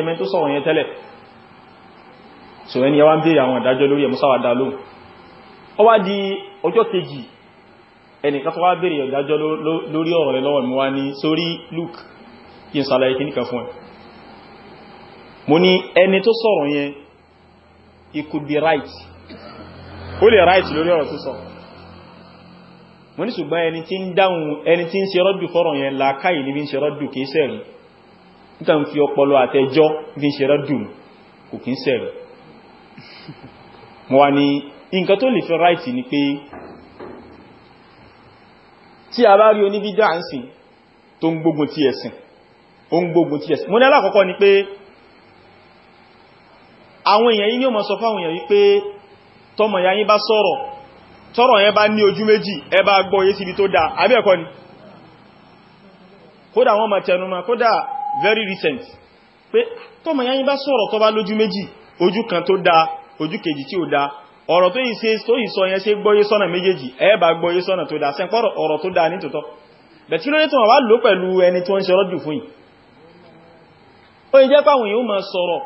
mẹ́ tó sọ̀rọ̀ yẹn tẹ́lẹ̀ so ẹni ẹwà ń bèèrè àwọn ìdájọ́ lórí ẹmúsáwàdá lóhùn ó wá di ọjọ́ kejì ẹnìkan tó wá bèèrè ìdájọ́ lórí ọ̀rọ̀ rẹ̀ lọ́wọ́ mi wá ní sórí Luke kí n sàlàyé kí nìkan fún ẹ mo ní ẹni tó sọ̀rọ̀ yẹn it could be right ó lè right lórí ọ̀rọ̀ tó sọ mo ní ṣùgbọ́n ẹni tí ń dáhùn ẹni tí ń ṣe rọ́dù fọ́rọ̀ yẹn làákàyè níbi ń ṣe rọ́dù kìí sẹ̀rí nígbà ń fi ọpọlọ àtẹjọ́ bí ń ṣe rọ́dù kò kìí sẹ̀rí mo wá ní nǹkan tó lè fi ráìtì ni pé tí a bá rí oníbídá ń tó ń gbógun ti ẹ̀sìn ó ń gbógun ti ẹ̀sìn mo ní alákọ̀ọ́kọ́ ni pé àwọn èèyàn yìí ni ó mọ̀ sọ fáwọn èèyàn wípé tọmọ ya yín bá sọ̀rọ̀ tọ́rọ̀ yẹn bá ní ojú méjì ẹ bá gbọ́ yé síbi tó dáa àbí ẹ̀kọ́ ni kódà wọ́n ma tẹnumọ́ kódà very recent pé tọmọ ya yín bá sọ̀rọ̀ tó bá lójú méjì ojú kan tó dáa ojú kejì tí ó da ọ̀rọ̀ tó yìí ṣe tó yìí sọ yẹn ṣe gbọ́yé sọ́nà méjèèjì ẹ bá gbọ́yé sọ́nà tó da sẹ́ńpọ̀rọ̀ ọ̀rọ̀ tó da nítòótọ́ bẹ̀tí lórí tí wọ́n wá lò pẹ̀lú ẹni tó ń ṣe rọ́dù fún yìí ó yẹ jẹ́ pàwọn yóò máa sọ̀rọ̀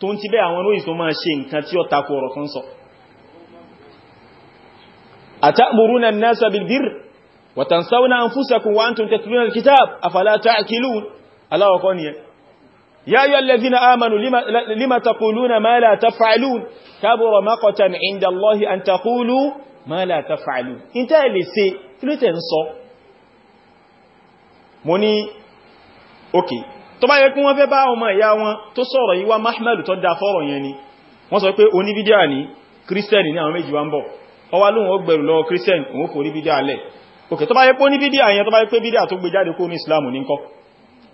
tó ń ti bẹ́ àwọn olóyìn tó máa ṣe nǹkan tí ó takò ọ̀rọ̀ tó ń sọ أتأمرون الناس بالبر وتنسون أنفسكم وأنتم تتلون الكتاب أفلا تعقلون الله وقال يا أيها الذين آمنوا لما, لما تقولون ما لا تفعلون كبر مقتا عند الله أن تقولوا ما لا تفعلون انتهى لسي كلتين صو موني اوكي tó bá yẹ kí wọ́n fẹ́ bá ọmọ ìyá wọn tó sọ̀rọ̀ yìí wá mahmadu tó dá fọ́rọ̀ yẹn ni wọ́n sọ pé oníbídíà ní kírísítẹ̀nì ní àwọn méjì wá ń bọ̀ ọwá lóhun ó gbẹ̀rù lọ kírísítẹ̀nì òun kò rí bídíà lẹ̀ òkè tó bá yẹ pé oníbídíà yẹn tó bá yẹ pé bídíà tó gbé jáde kó ní ìsìlámù ní ńkọ́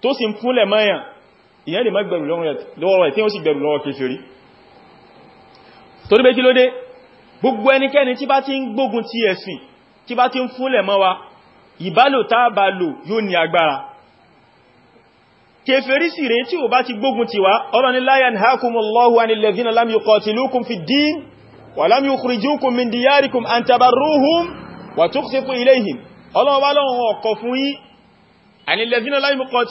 tó sì ń fúnlẹ̀ máyàn ìyẹn lè má gbẹ̀rù lọ́wọ́ rẹ̀ tí ó sì gbẹ̀rù lọ́wọ́ kèfèrí torí pé kí ló dé gbogbo ẹnikẹ́ni tí bá ti ń gbógun ti ẹ̀sìn tí bá ti ń fúnlẹ̀ mọ́ wa ìbálò táàbà lò yóò ní agbára kèfèrí sì rẹ̀ tí ò bá ti gbógun ti wa ọ̀rọ̀ ni la yanhakumullahu anil ànílẹ̀fínà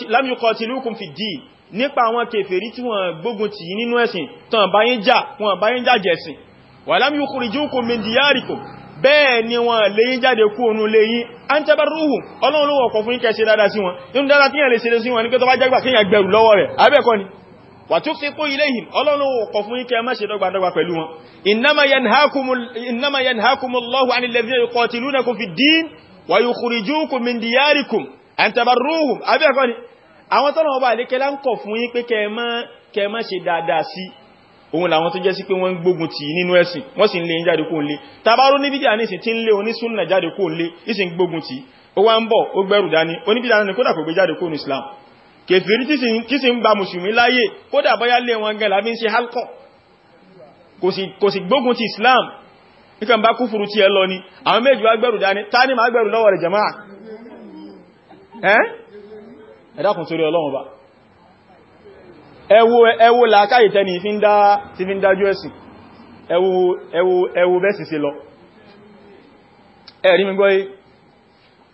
lámìkọtìlúkùn fi dì nípa àwọn kèfèrí tí wọ́n gbógun tì yín nínú ẹ̀sìn tán báyín jà wọ́n báyín jàjẹ̀ ẹ̀sìn wà lámìkùrìjúkùn mìndíyàríkùn bẹ́ẹ̀ ni wọ́n léyín jáde kú ònú léyín a ń tẹ́bà rúhùn ọlọ́run ló wọ̀kọ̀ fún ìkẹsẹ̀ dáadáa sí wọn nínú dáadáa tí yẹn lè ṣeré sí wọn ní pé tó bá jágbà kí yẹn gbẹ̀rù lọ́wọ́ rẹ̀ abẹ́ẹ̀kọ́ ni wà tó wa yukhrijukum min diyarikum ẹ̀ntẹ̀bàrúhùn abẹ́ẹ̀kọ́ ni àwọn tọ́nà ọba àlékẹ́lá ń kọ̀ fún yín pé kẹ́ẹ̀mọ́ ṣe dáadáa sí òun làwọn tó jẹ́ sí pé wọ́n ń gbógun tì nínú ẹ̀sìn wọ́n sì ń lé jáde kó ń lé tabarú ní bídíà nísìn tí ń lé onísúnnà jáde kó ń lé ìsìn gbógun tì ó wá ń bọ̀ ó gbẹ́rù dání oníbídíà ní kódà kò gbé jáde kó ní Islam kèfèrí tí sì ń ba mùsùlùmí láyé kódà bọ́yá lé wọn gan lábí ń ṣe halkọ̀ kò sì gbógun ti Islam níkan bá kúfùrú tí ẹ lọ ni àwọn méjì wá gbẹ́rù dání ta ni máa lọ́wọ́ rẹ̀ jama'a ẹ̀dàkùn torí ọlọ́run bá ẹwọ làákàyè tẹ́ni tí fi ń dájú ẹ̀sìn ẹwọ bẹ́ẹ̀ sì sí lọ ẹ̀rí mi gbọ́ yìí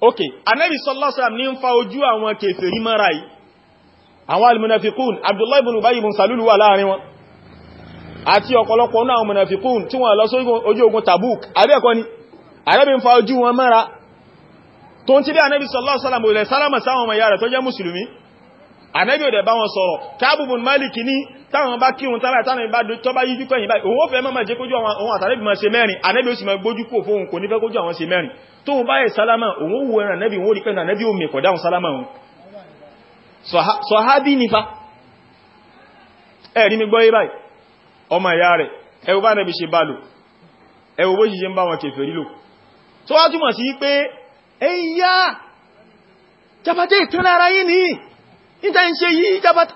ok anẹ́bì sọ́lọ́sàm ní ń fa ojú àwọn kèfèrí mara yìí àwọn almunafikun abdullahi salulu ogun tó ń tí bí anábi sallallahu alaihi wasallam ilẹ̀ sálámà sáwọn ọmọ ìyá rẹ̀ tó jẹ́ mùsùlùmí anábi òdẹ̀ bá wọn sọ̀rọ̀ káàbùbùn máàlìkì ní táwọn bá kírun tánà tánà ìbá tó bá yíjú kẹ́yìn báyìí òun fẹ́ mọ́mà jẹ́ kójú àwọn àtàrẹ́bì máa ṣe mẹ́rin anábi ó sì máa gbójú kò fóun kò ní fẹ́ kójú àwọn ṣe mẹ́rin tó ń báyẹ̀ sálámà òun wo ẹran anábi òun rí pẹ́ anábi ó mẹ́kọ̀ dáhùn sálámà yí tó wá túmọ̀ sí pé ẹ̀yà jabata ìtọ́lá ara yìí ní ìta ń ṣe yìí jabata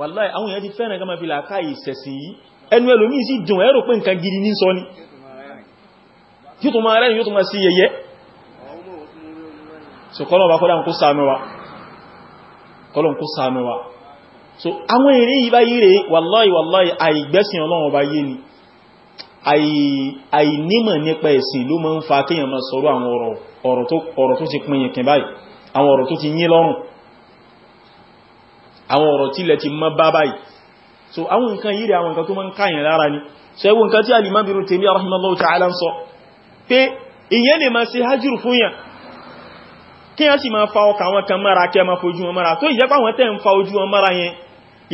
wàláì àwọn èèyàn ti fẹ́ràn gama fi làákà ìsẹ̀sìn yìí ẹnu ẹlòmí sí dùn ẹ̀rọ pé nǹkan gidi ní sọ ni yóò tó máa rẹ́rìn yóò tó máa sí yẹyẹ so kọ́lọ̀ bá kọ́lọ̀ kó ṣàánú wa kọ́lọ̀ kó ṣàánú wa so àwọn èrè yìí bá yìí rẹ̀ àìnímọ̀ nípa ẹ̀sìn ló máa ń fa kíyàn máa sọ̀rọ̀ àwọn ọ̀rọ̀ tó ti pín yìnkìn báyìí àwọn ọ̀rọ̀ tó ti yín lọ́rùn àwọn ọ̀rọ̀ tí ilẹ̀ ti mọ́ bá báyìí so àwọn nǹkan yìí rẹ̀ àwọn nǹkan tó máa ń káyàn lára ni ṣẹ́wọ́n nǹkan tí alìmọ́ bínú tèmi rahimahullahu ta'ala ń sọ pé ìyẹn lè máa ṣe hajjúrù fún yàn kí yàn sì máa fa ọkà àwọn kan mara kí a máa fojú wọn mara tó ìjẹ́pá wọn tẹ́ ń fa ojú wọn mara yẹn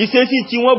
ìṣesí tí wọ́n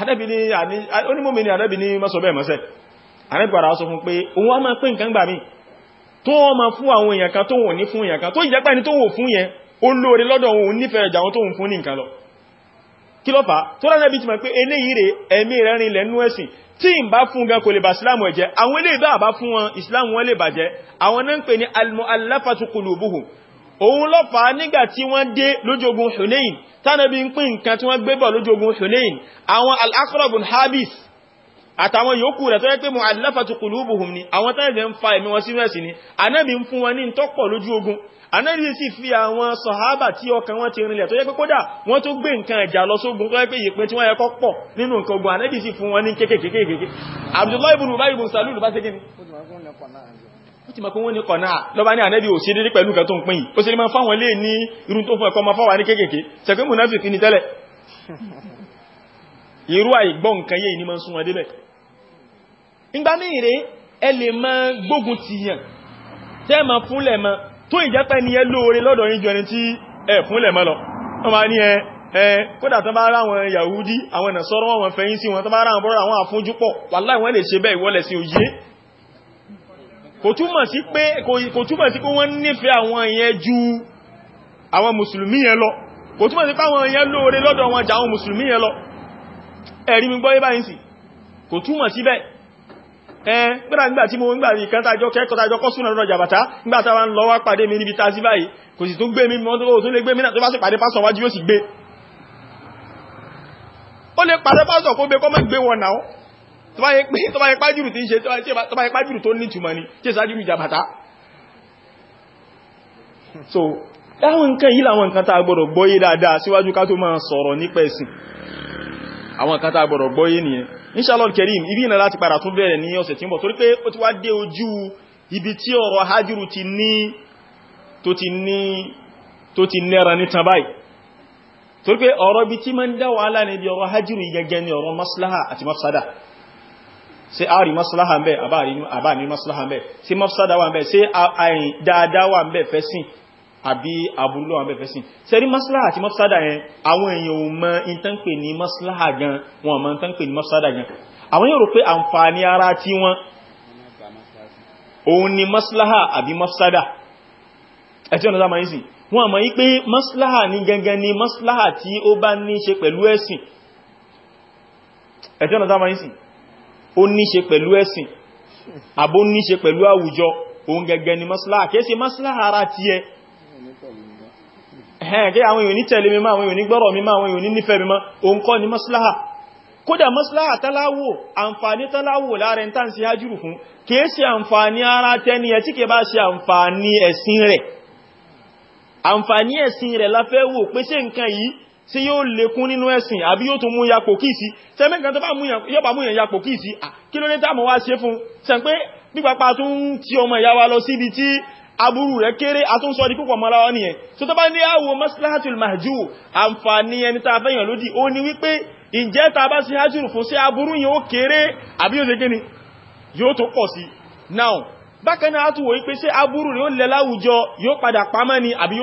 adẹ́bìnrin onímòmìnì adẹ́bìnrin mọ́sọ̀ bẹ́ẹ̀ mọ́sẹ̀ àrẹ́gbàrà sọ fún pé òun a máa pín nǹkan gbà mí tó wọ́n máa fún àwọn èèyàn kan tó wọ́n ní fún èèyàn kan tó ìjẹ́pẹ́ ni tó wọ́n fún yẹn ó lóore lọ́dọ̀ òun nífẹ̀ẹ́ ìjà wọn tó wọ́n fún ní nǹkan lọ kí ló fà tó rẹ́ lẹ́bí ti mọ̀ pé eléyìí rẹ̀ ẹ̀mí rẹ̀ rìn lẹ́nu ẹ̀sìn tí ń bá fún gan òun lọ́fà nígbà tí wọ́n dé lójogun Hunain tánàbí ń pín nǹkan tí wọ́n gbébọ̀ lójogun Hunain àwọn al-Aqrabun Habis àtàwọn yòókù rẹ̀ tó yẹ pé mu'allafatu qulubuhum ni àwọn tánàbí ń fa ẹ̀mí wọn sínú ẹ̀sìn ni anábì ń fún wọn ní tọ́pọ̀ lójú ogun anábì sì fi àwọn sọ̀hábà tí ọkàn wọn ti rinlẹ̀ tó yẹ pé ó ti mọ̀ pé wọ́n ní kọ̀nà lọ́bá ní ànẹ́bí ò sí dédé pẹ̀lú nǹkan tó ń pín yìí ó sì rí máa fáwọn lè ní irú tó fún ẹ̀kọ́ ma fáwà ní kéèkèé ṣẹ̀kú mùnáfíkí ní tẹ́lẹ̀ irú àìgbọ́ nǹkan ni máa ń sún wọn débẹ̀ ìgbà míì rèé ẹ lè máa gbógun ti yàn tẹ́ máa fúnlẹ̀ mọ́ tó ìjẹ́pẹ́ ni ẹ lóore lọ́dọ̀ yín ju ẹni tí ẹ fúnlẹ̀ mọ́ lọ wọ́n máa ní ẹ ẹ kódà tán bá rá àwọn Yahudi àwọn ìnàsọ́rọ́ wọn fẹ́yìn sí wọn tán bá rá àwọn àfúnjú pọ̀ wàláì wọ́n lè ṣe bẹ́ẹ̀ ìwọ́lẹ̀ sí òye kò túmọ̀ sí pé kò túmọ̀ sí wọ́n nífẹ̀ẹ́ àwọn ìyẹn ju àwọn mùsùlùmí yẹn lọ kò túmọ̀ sí pé àwọn ìyẹn lóore lọ́dọ̀ wọn jà àwọn mùsùlùmí yẹn lọ ẹ̀rí mi gbọ́ yé báyìí sí kò túmọ̀ sí bẹ́ẹ̀ ẹn gbọ́dá nígbà tí mo ń gbà ní ìkan tàjọ kẹ́kọ̀ọ́ tàjọ kọ́ súnà lọ́dọ̀ jàbàtá nígbà tàbá ń lọ wá pàdé mi níbi tó so láwọn nǹkan yìí láwọn nǹkan tá gbọ́dọ̀ gbọ́yé dáadáa síwájú ká tó máa sọ̀rọ̀ nípa ẹ̀sìn àwọn nǹkan tá gbọ́dọ̀ gbọ́yé nìyẹn inshallah kerim ibi iná láti padà tún bẹ̀rẹ̀ ní ọ̀sẹ̀ tí ń bọ̀ torí pé ó ti wá dé ojú ibi tí ọ̀rọ̀ hajjúrù ti ní tó ti ṣé a rí maslaha ńbẹ̀ àbá ní maslaha ńbẹ̀ se mafsada wà ńbẹ̀ ṣé àìrìn dáadáa wà ńbẹ̀ fẹ́ sìn àbí aburú lọ́wọ́ ńbẹ̀ fẹ́ sìn ṣé rí maslaha àti mafsada yẹn àwọn èèyàn ò mọ ìtànpè ní maslaha gan wọn mọ ìtànpè ní mafsada gan àwọn yóò rò pé àǹfààní ara tí wọn òun ni maslaha àbí mafsada ẹ̀tí ọ̀nà sáma ìsìn wọn àmọ́ yí pé maslaha ní gangan ni maslaha tí ó bá ní ṣe pẹ̀lú ẹ̀sìn ẹ̀tí ọ̀nà sáma ìsìn ó níṣe pẹ̀lú ẹ̀sìn àbó níṣe pẹ̀lú àwùjọ òun gẹ́gẹ́ ni maslaha kìí ṣe maslaha ara ti ẹ ẹ̀hẹ́n kí àwọn èèyàn ní tẹ̀lé mímọ́ àwọn èèyàn ní gbọ́rọ̀ mímọ́ àwọn èèyàn ní nífẹ̀ẹ́ mímọ́ òun kọ́ ni maslaha kódà maslaha taláwò àǹfààní taláwò láàrin tán sí hajjúrù fún kìí ṣe àǹfààní ara tẹ́ni ẹ̀ tí kìí bá ṣe àǹfààní ẹ̀sìn rẹ̀ àǹfààní ẹ̀sìn rẹ̀ la wò pé nǹkan yìí ṣé yóò lékún nínú ẹ̀sìn àbí yóò tún mú ya pò kíìsí tẹ́mẹ́ kan tó bá mú yàn ya pò kíìsí kí ló dé táàmù wá ṣe fún ṣe pé pípapá tún ti ọmọ ìyá wa lọ síbi tí aburú rẹ̀ kéré àtúnsọ́ di púpọ̀ mọ́ra wọn yẹn tó tó bá ní àwò maslahatul mahju àǹfààní ẹni tá a fẹ́ yàn lódì ó ní wípé ǹjẹ́ tá a bá sí hajjúrù fún sí aburú now bákan náà tó wò wípé sí aburú rẹ̀ ó lẹ láwùjọ yóò padà pamọ́ ni àbí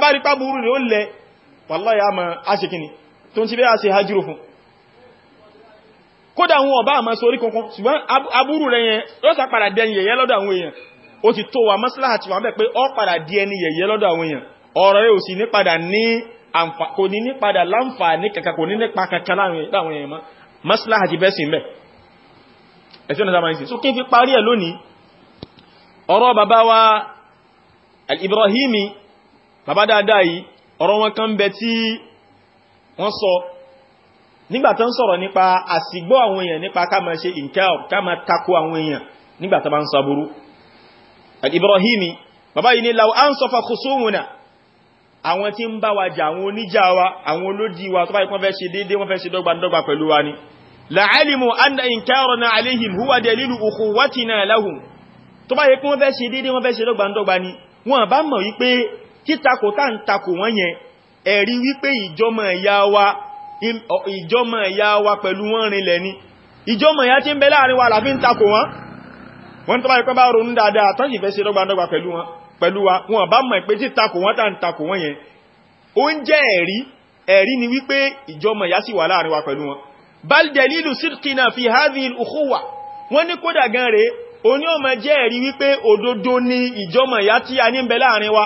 bá rí pàbúrú rẹ̀ ó lẹ wallahi a ma a ṣe kíni tó ń ti bẹ́ a ṣe hajjúrò fún kódà wọn ọba àmà sórí kankan ṣùgbọ́n aburú rẹ̀ yẹn yóò sá padà di yẹ̀yẹ́ lọ́dọ̀ àwọn èèyàn ó ti tó wa maslaha ti wà bẹ́ẹ̀ pé ó padà di ẹni yẹ̀yẹ́ lọ́dọ̀ àwọn èèyàn ọ̀rọ̀ rẹ̀ ò sì ní padà ní àǹfà kò ní maslaha ti bẹ́ sí ń bẹ̀ ẹ̀sìn ọ̀nà sàmà ìsìn Al-Ibrahimi bàbá dáadáa yìí ọ̀rọ̀ wọn kan bẹ tí wọ́n sọ nígbàtà ń sọ̀rọ̀ nípa àsìgbọ́ àwọn èèyàn nípa ká máa ṣe ìkẹ́ ká máa takò àwọn èèyàn nígbàtà bá ń sàbúrú Ibrahimi bàbá yìí ni lau an sọfa kùsùnwùnà àwọn tí ń bá wa jà àwọn oníjà wa àwọn olódì wa tó bá yìí wọ́n fẹ́ ṣe déédé wọ́n fẹ́ ṣe dọ́gbandọ́gba pẹ̀lú wa ni la'alimu anna inkarana alaihim huwa dalilu wọ́n bá mọ̀ wípé títakò tá ń takò wọ́n yẹn ẹ̀rí wípé ìjọmọ̀ ẹ̀yà wa ìjọmọ̀ wa pẹ̀lú wọ́n rinlẹ̀ ni ìjọmọ̀ ẹ̀yà tí ń bẹ láàrin wa làfí ń takò wọ́n wọ́n tó bá ipẹ́ bá ronú dáadáa tán sì fẹ́ ṣe pẹ̀lú wa wọn bá mọ̀ pé títakò wọ́n tá ń takò wọ́n yẹn ó ń jẹ́ ẹ̀rí ẹ̀rí ni wípé ìjọmọ̀ ẹ̀yà sì wà láàrin wa pẹ̀lú wọn bal dalilu sidqina fi hadhihi al-ukhuwa wọ́n ní kódà gan rèé oní ọmọ jẹ́ ẹ̀rí wípé òdodo ni ìjọmọ̀ ẹ̀yà tí a ní ń bẹ láàrin wa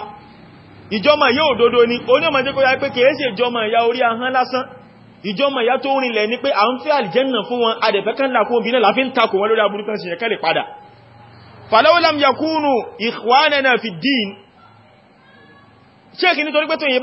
ìjọmọ̀ ìyá òdodo ni oníọmọ̀ jẹ́ kó yá pé kìí ṣe ìjọmọ̀ ìyá orí ahán lásán ìjọmọ̀ ìyá tó rinlẹ̀ ní pé à ń fẹ́ àlìjẹ́nà fún wọn adẹ̀fẹ́kán lákún obìnrin láfí ń takò wọn lórí aburúkan sí ẹ̀kẹ́lẹ̀ padà falawulam yakunu ikhwanana fi din ṣéèkì nítorí pé tó yìí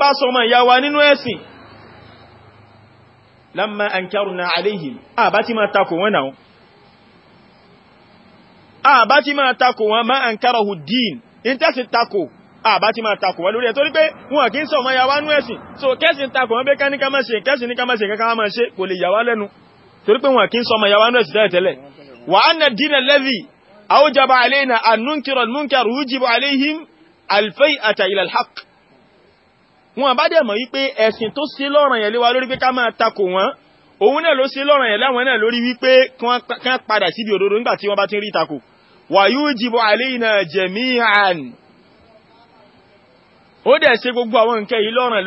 àbá ah, ti máa takò wọ́n lórí ẹ̀ torí pé wọn kí ń sọ ọmọ yàwá nú ẹ̀sìn so kẹ́sìn takò wọ́n bẹ́ ká ní ká máa ṣe kẹ́sìn ní ká máa ṣe kankan máa ṣe kò lè yàwá lẹ́nu torí pé wọn kí ń sọ ọmọ yàwá nú ẹ̀sìn tẹ́lẹ̀tẹ́lẹ̀ wà dínà lẹ́vì àwùjọba àlẹ́yìn ànúnkìrọ̀ múnkàrù wújìbọ̀ àlẹ́yìn jẹ̀míhàn ó dẹ̀ ṣe gbogbo àwọn nǹkan yìí lọ́ràn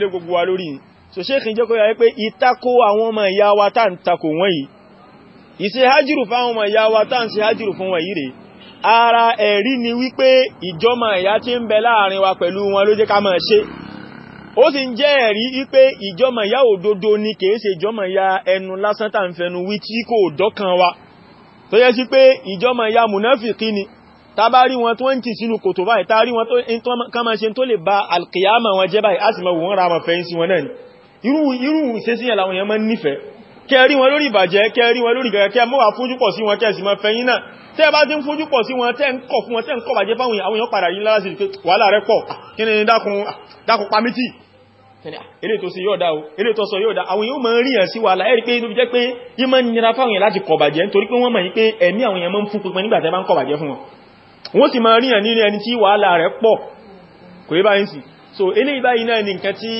lé gbogbo wa lórí so ṣe kìí jẹ́ kó yáyé pé ìtakò àwọn ọmọ ìyá wa tá ń takò wọ́n yìí ìṣe hajjúrù fáwọn ọmọ ìyá wa tá ń hajjúrù fún wọ̀nyí rẹ̀ ara ẹ̀rí ni wípé ìjọmọ̀ ìyá tí ń bẹ láàrin wa pẹ̀lú wọn ló jẹ́ ká máa ṣe ó sì ń jẹ́ ẹ̀rí wípé ìjọmọ̀ ìyá òdodo ni kìí ṣe ìjọmọ̀ ìyá ẹnu lásán tá fẹnu wí tí kò dọ́kan wa tó yẹ sí pé ìjọmọ̀ ìyá mùnáfìkí ni tàbá rí wọn tó ń tì sínú kòtò báyìí tá rí wọn tó ń kán máa ṣe tó lè ba alkiyama wọn jẹ́ báyìí á sì máa wọ́n ra wọn fẹ́yìn sí wọn náà irú irú ṣe sí ẹ̀làwọn èèyàn máa ń nífẹ̀ẹ́ kẹrí wọn lórí ìbàjẹ́ kẹrí wọn lórí gẹ̀rẹ́ kẹ mọ́ wà fójú pọ̀ sí wọn kẹ sì máa fẹ́yìn náà tẹ́ bá ti ń fójú pọ̀ sí wọn tẹ́ ń kọ̀ fún ni dákun pamítì eré tó sí yóò dá o eré tó sọ yóò dá àwọn èèyàn wọ́n sì máa ríyàn nínú ẹni tí wàhálà rẹ̀ pọ̀ kò yí báyìí sí so eléyìí báyìí náà ni nǹkan tí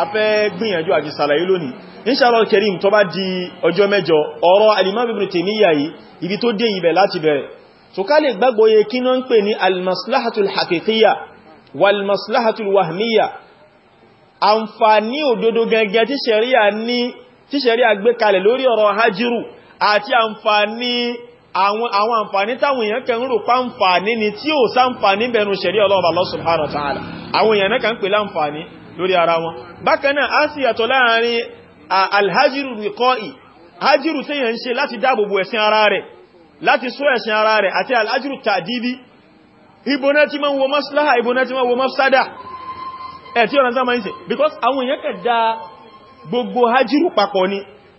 a fẹ́ gbìyànjú àti sàlàyé lónìí inshallah kerim tó bá di ọjọ́ mẹ́jọ ọ̀rọ̀ al-Imam Ibn so ká lè gbàgbóye kí náà ń pè ní al-maslahatul haqiqiyya wal-maslahatul wahmiyya àǹfààní òdodo gangan tí ṣẹ̀ríà àwọn àwọn àǹfààní táwọn èèyàn kan rò pa àǹfààní ni tí ó sáǹfààní bẹnu ṣẹ̀rí ọlọ́ọ̀bà Allah subhanahu wa ta'ala àwọn èèyàn kan pè láǹfààní lórí ara wọn bákan náà a sì yàtọ̀ láàrin alhajiru rikọ́ì hajiru tí yẹn ń ṣe láti dáàbòbò ẹ̀sìn ara rẹ̀ láti sọ ẹ̀sìn ara rẹ̀ àti alhajiru tàdíbí ibona ti ma wo maslaha ibona ti ma wo mafsada ẹ̀ tí ọ̀nà sáma ń ṣe because àwọn èèyàn kẹ̀ da gbogbo hajiru papọ̀ ni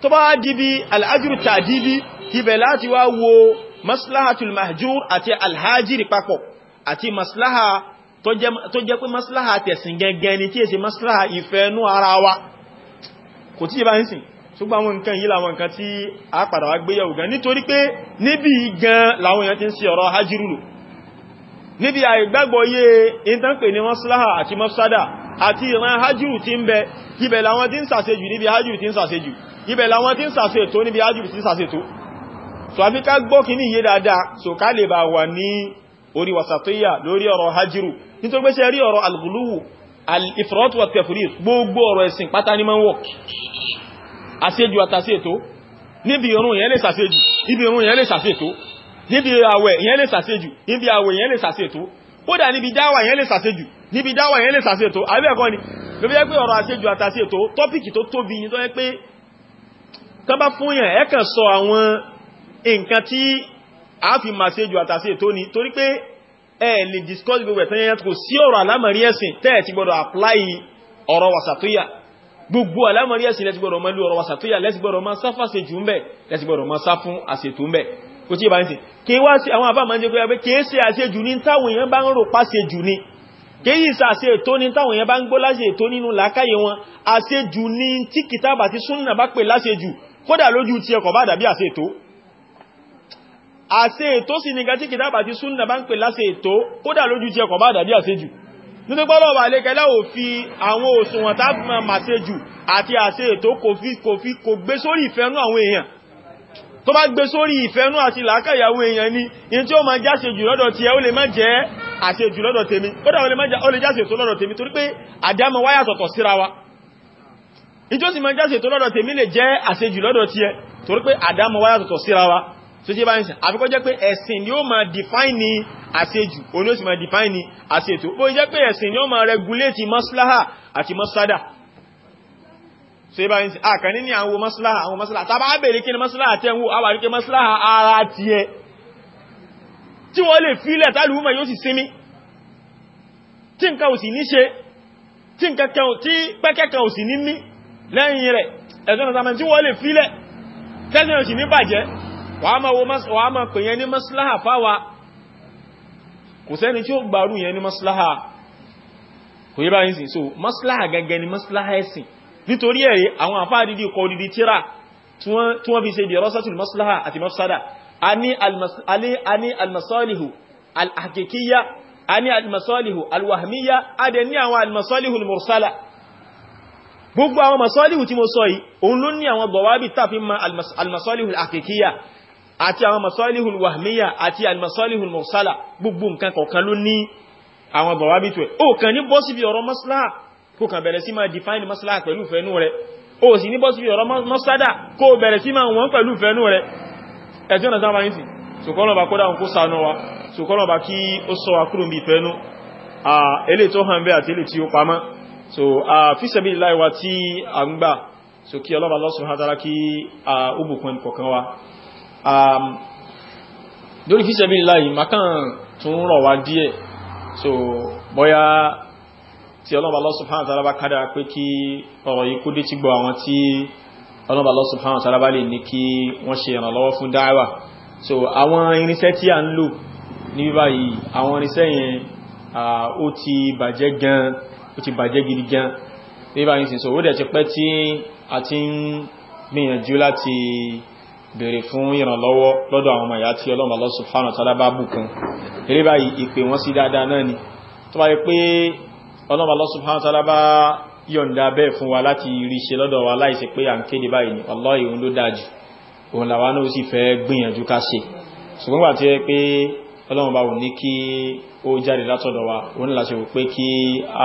tó bá dìbí al'ajiru tàdìbí ibẹ̀ láti wá wo maslahatul mahjur àti alhajiri papọ̀ àti maslaha tó jẹ́ pé maslaha tẹ̀sìn gẹ́gẹ́ ni tí è sí maslaha ìfẹ́nú ara wa kò tí ìbá ń sìn ṣùgbọ́n àwọn nǹkan yìí láwọn nǹkan tí a padà wá gbéyàwó gan nítorí pé níbi gan láwọn èèyàn ti ń sí ọ̀rọ̀ hajjiru lò níbi àìgbàgbọ́ yé ìtànpè ní maslaha àti mafsada àti ìran hajjiru ti ń bẹ ibẹ̀ láwọn tí ń sàṣejù níbi hajjiru ti ń sàṣejù ibẹ̀ làwọn tí ń sàṣètò níbi ájùbù tí sàṣètò so a fi ká gbọ́ ní iye dáadáa so ká lè bá wà ní orí wasatiyya lórí ọ̀rọ̀ hajjiru nítorí pé ṣe rí ọ̀rọ̀ al-ghuluw al-ifrat wa tafrit gbogbo ọ̀rọ̀ ẹ̀sìn pátá ní mọ́ wọ́k àṣejù àtàṣètò níbi irun ìyẹn lè sàṣejù níbi irun ìyẹn lè sàṣètò níbi àwẹ̀ ìyẹn lè sàṣejù níbi àwẹ̀ ìyẹn lè sàṣètò kódà níbi dáwà ni ló tán bá fún yàn ẹ kàn sọ àwọn nǹkan tí a fi máa ṣe jù àtàṣe tó ní torí pé ẹ lè discuss gbogbo ẹ̀tọ́ yẹn kò sí ọ̀rọ̀ alámọ̀rí ẹ̀sìn tẹ́ẹ̀ ti gbọ́dọ̀ apply ọ̀rọ̀ wàsàtúyà gbogbo alámọ̀rí ẹ̀sìn lẹ́sì gbọ́dọ̀ mọ́lú ọ̀rọ̀ wàsàtúyà lẹ́sì gbọ́dọ̀ máa sá fàṣe jù ń bẹ̀ lẹ́sì gbọ́dọ̀ máa sá fún àṣètò ń bẹ̀ kò tí ì bá ń sìn kí wá sí àwọn àbámọ́ jẹ́ pé kì í ṣe àṣejù ní táwọn èèyàn bá ń rò pàṣe jù ni kì í ṣe ètò ní táwọn èèyàn bá ń gbọ́ láṣe ètò nínú làákàyè wọn àṣejù ní tí kìtàbà ti súnnà bá pè láṣejù kódà lójú tí ẹkọ̀ bá dàbí àṣẹ ètò àṣẹ ètò sì nìkan tí kìtàbà ti súnnà bá ń pè láṣẹ ètò kódà lójú tí ẹkọ̀ bá dàbí àṣẹ jù nítorí pọ́lọ̀ wà lẹ́kẹ́ láwò fi àwọn òṣùwọ̀n tábùmọ̀ màṣẹ jù àti àṣẹ ètò kò fi kò fi kò gbé sórí ìfẹ́nú àwọn èèyàn tó bá gbé sórí ìfẹ́nú àti làákàyàwó èèyàn ni in tí ó ma jáṣe jù lọ́dọ̀ ìjọsìn máa jáse tó lọ́dọ̀ tèmi lè jẹ́ àṣejù lọ́dọ̀ tí ẹ torí pé àdámọ̀ wáyà tọ̀tọ̀ síra wa tó jẹ́ báyìí sìn àfikọ́ jẹ́ pé ẹ̀sìn ni ó máa define àṣejù regulate maslaha àti masada tó jẹ́ ni maslaha tẹ́ ń wò àwà rí pé maslaha ara ti ẹ tí wọ́n lè fílẹ̀ tálùú mọ̀ yóò sì sinmi tí nǹkan ò sì ní ní mí lẹ́yìn rẹ̀ ẹ̀tọ́nà sàmàtí wọ́n lè fílẹ̀ tẹ́sìn òsì ní bàjẹ́ wàá máa pè yẹn ní maslaha fáwa kò sẹ́ni tí ó gbàrú yẹn ní maslaha kò yí báyìí sìn so maslaha gẹ́gẹ́ ni maslaha ẹ̀sìn nítorí ẹ̀rí àwọn àfáàdìdì kọ dídí tíra tí wọ́n fi ṣe bí rọ́sàtùl maslaha àti gbogbo àwọn masọ́líhù tí mo sọ yìí òun ló ní àwọn bọ̀wábí tàbí ma almasọ́líhù àkíkíyà àti àwọn masọ́líhù wàhmíyà àti almasọ́líhù mọ̀sálà gbogbo nǹkan kọ̀ọ̀kan ló ní àwọn bọ̀wábí tó ẹ̀ ó kàn ní bọ́ síbi ọ̀rọ̀ maslaha kó kàn bẹ̀rẹ̀ sí máa define maslaha pẹ̀lú fẹ́nu rẹ̀ ó sì ní bọ́ síbi ọ̀rọ̀ mọ́sádà kó bẹ̀rẹ̀ sí máa wọ́n pẹ̀lú fẹ́nu rẹ̀ ẹ̀tí ọ̀nà sáwọn so a fi sabilillahi wa tí a ń gbà so kí ọlọ́ba Allah subhanahu wa ta'ala kí a ó bùkún kọ̀kan wa um, lórí fi sabilillahi makán tún rọ̀ wá díẹ̀ so bóyá tí ọlọ́ba Allah subhanahu wa ta'ala bá kádà pé kí ọ̀rọ̀ yìí kó dé tí gbọ́ àwọn tí ọlọ́ba Allah subhanahu wa ta'ala bá lè ní kí wọ́n ṣe ìrànlọ́wọ́ fún dáwà so àwọn irinṣẹ́ tí a ń lò ní báyìí àwọn irinṣẹ́ yẹn ó ti bàjẹ́ gan ó ti bàjẹ́ gidi gan nígbà yìí sọ ó dẹ̀ ti pẹ́ tí a ti ń gbìyànjú láti bèèrè fún ìrànlọ́wọ́ lọ́dọ̀ àwọn ọmọ ìyá tí ọlọ́mọ Allah subhanahu wa ta'ala bá bùkún eré báyìí ìpè wọ́n sí dáadáa náà ni tó bá yẹ pé Allah subhanahu wa ta'ala bá yọ̀ǹda bẹ́ẹ̀ fún wa láti rí ṣe lọ́dọ̀ wa láìsí pé à ń ni wallahi òun ló dájú òun làwa náà ṣùgbọ́n gbà tí ó yẹ pé ọlọ́mọba ò ní kí ó jáde látọ̀dọ̀ wa wọ́n láti wò kí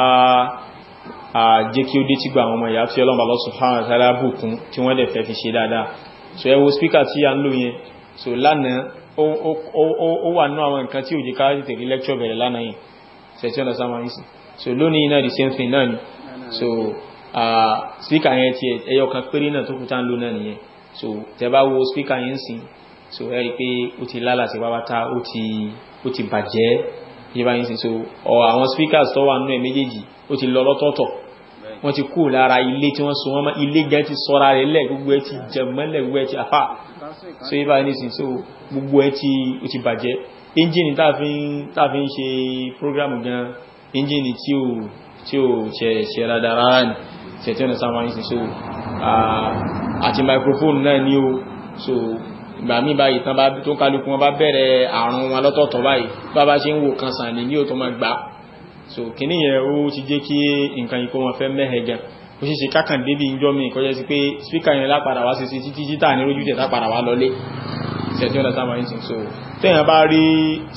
a jẹ́ kí ó dé tí gba àwọn ọmọ ìyá tí ọlọ́mà lọ subhanahu wa bùkún tí wọ́n dẹ̀ fi ṣe dáadáa so ẹ wo spíkà tí a ń lò yẹn so lánàá ó wà nú àwọn nǹkan tí ò jẹ́ ká tètè rí lẹ́kṣọ̀ bẹ̀rẹ̀ lánàá yìí sẹ̀tí ọ̀nà so lónìí náà the same thing náà ni so spíkà yẹn ti ẹyọ kan péré náà tó kú tá ń so tẹ bá wo so ẹ rí i pé ó ti lálàsí ó ti bàjẹ́ yíba yín síso ọ àwọn speakers tó wà nínú ẹ̀ méjèèjì ó ti lọ lọ́tọ̀ọ̀tọ̀ wọ́n ti kú lára ilé tí wọ́n so wọ́n mọ́ ilé gẹ́ ti sọ́ra rẹ̀ lẹ̀ gbogbo ẹ ti jẹ̀mọ́lẹ̀ gbogbo ẹ ti àfà so yíba yín síso gbogbo ẹ ti ó ti bàjẹ́ engine tá a fi ń ṣe program gan engine tí ò tí ò ṣe rádará ní ṣẹ̀tẹ́nà sáwọn yín síso àti microphone náà ní o so ìgbà míì báyìí tán bá tó kálukú wọn bá bẹ̀rẹ̀ àrùn wọn lọ́tọ̀ọ̀tọ̀ báyìí bá bá ṣe ń wò kan sàn ní ní òtún máa gbà so kìíní yẹn ó ti jẹ́ kí nǹkan yìí kó wọn fẹ́ mẹ́hẹ̀ gan ó ṣe ṣe kákàn débi ìjọ mi kọjá sí pé spíkà yẹn lápadà wá sí sí títí títà ní lójú tẹ̀ tápadà wá lọlé ṣẹ̀tí ọ̀dà táwọn ẹ̀yìn sìn so tẹ́yàn bá rí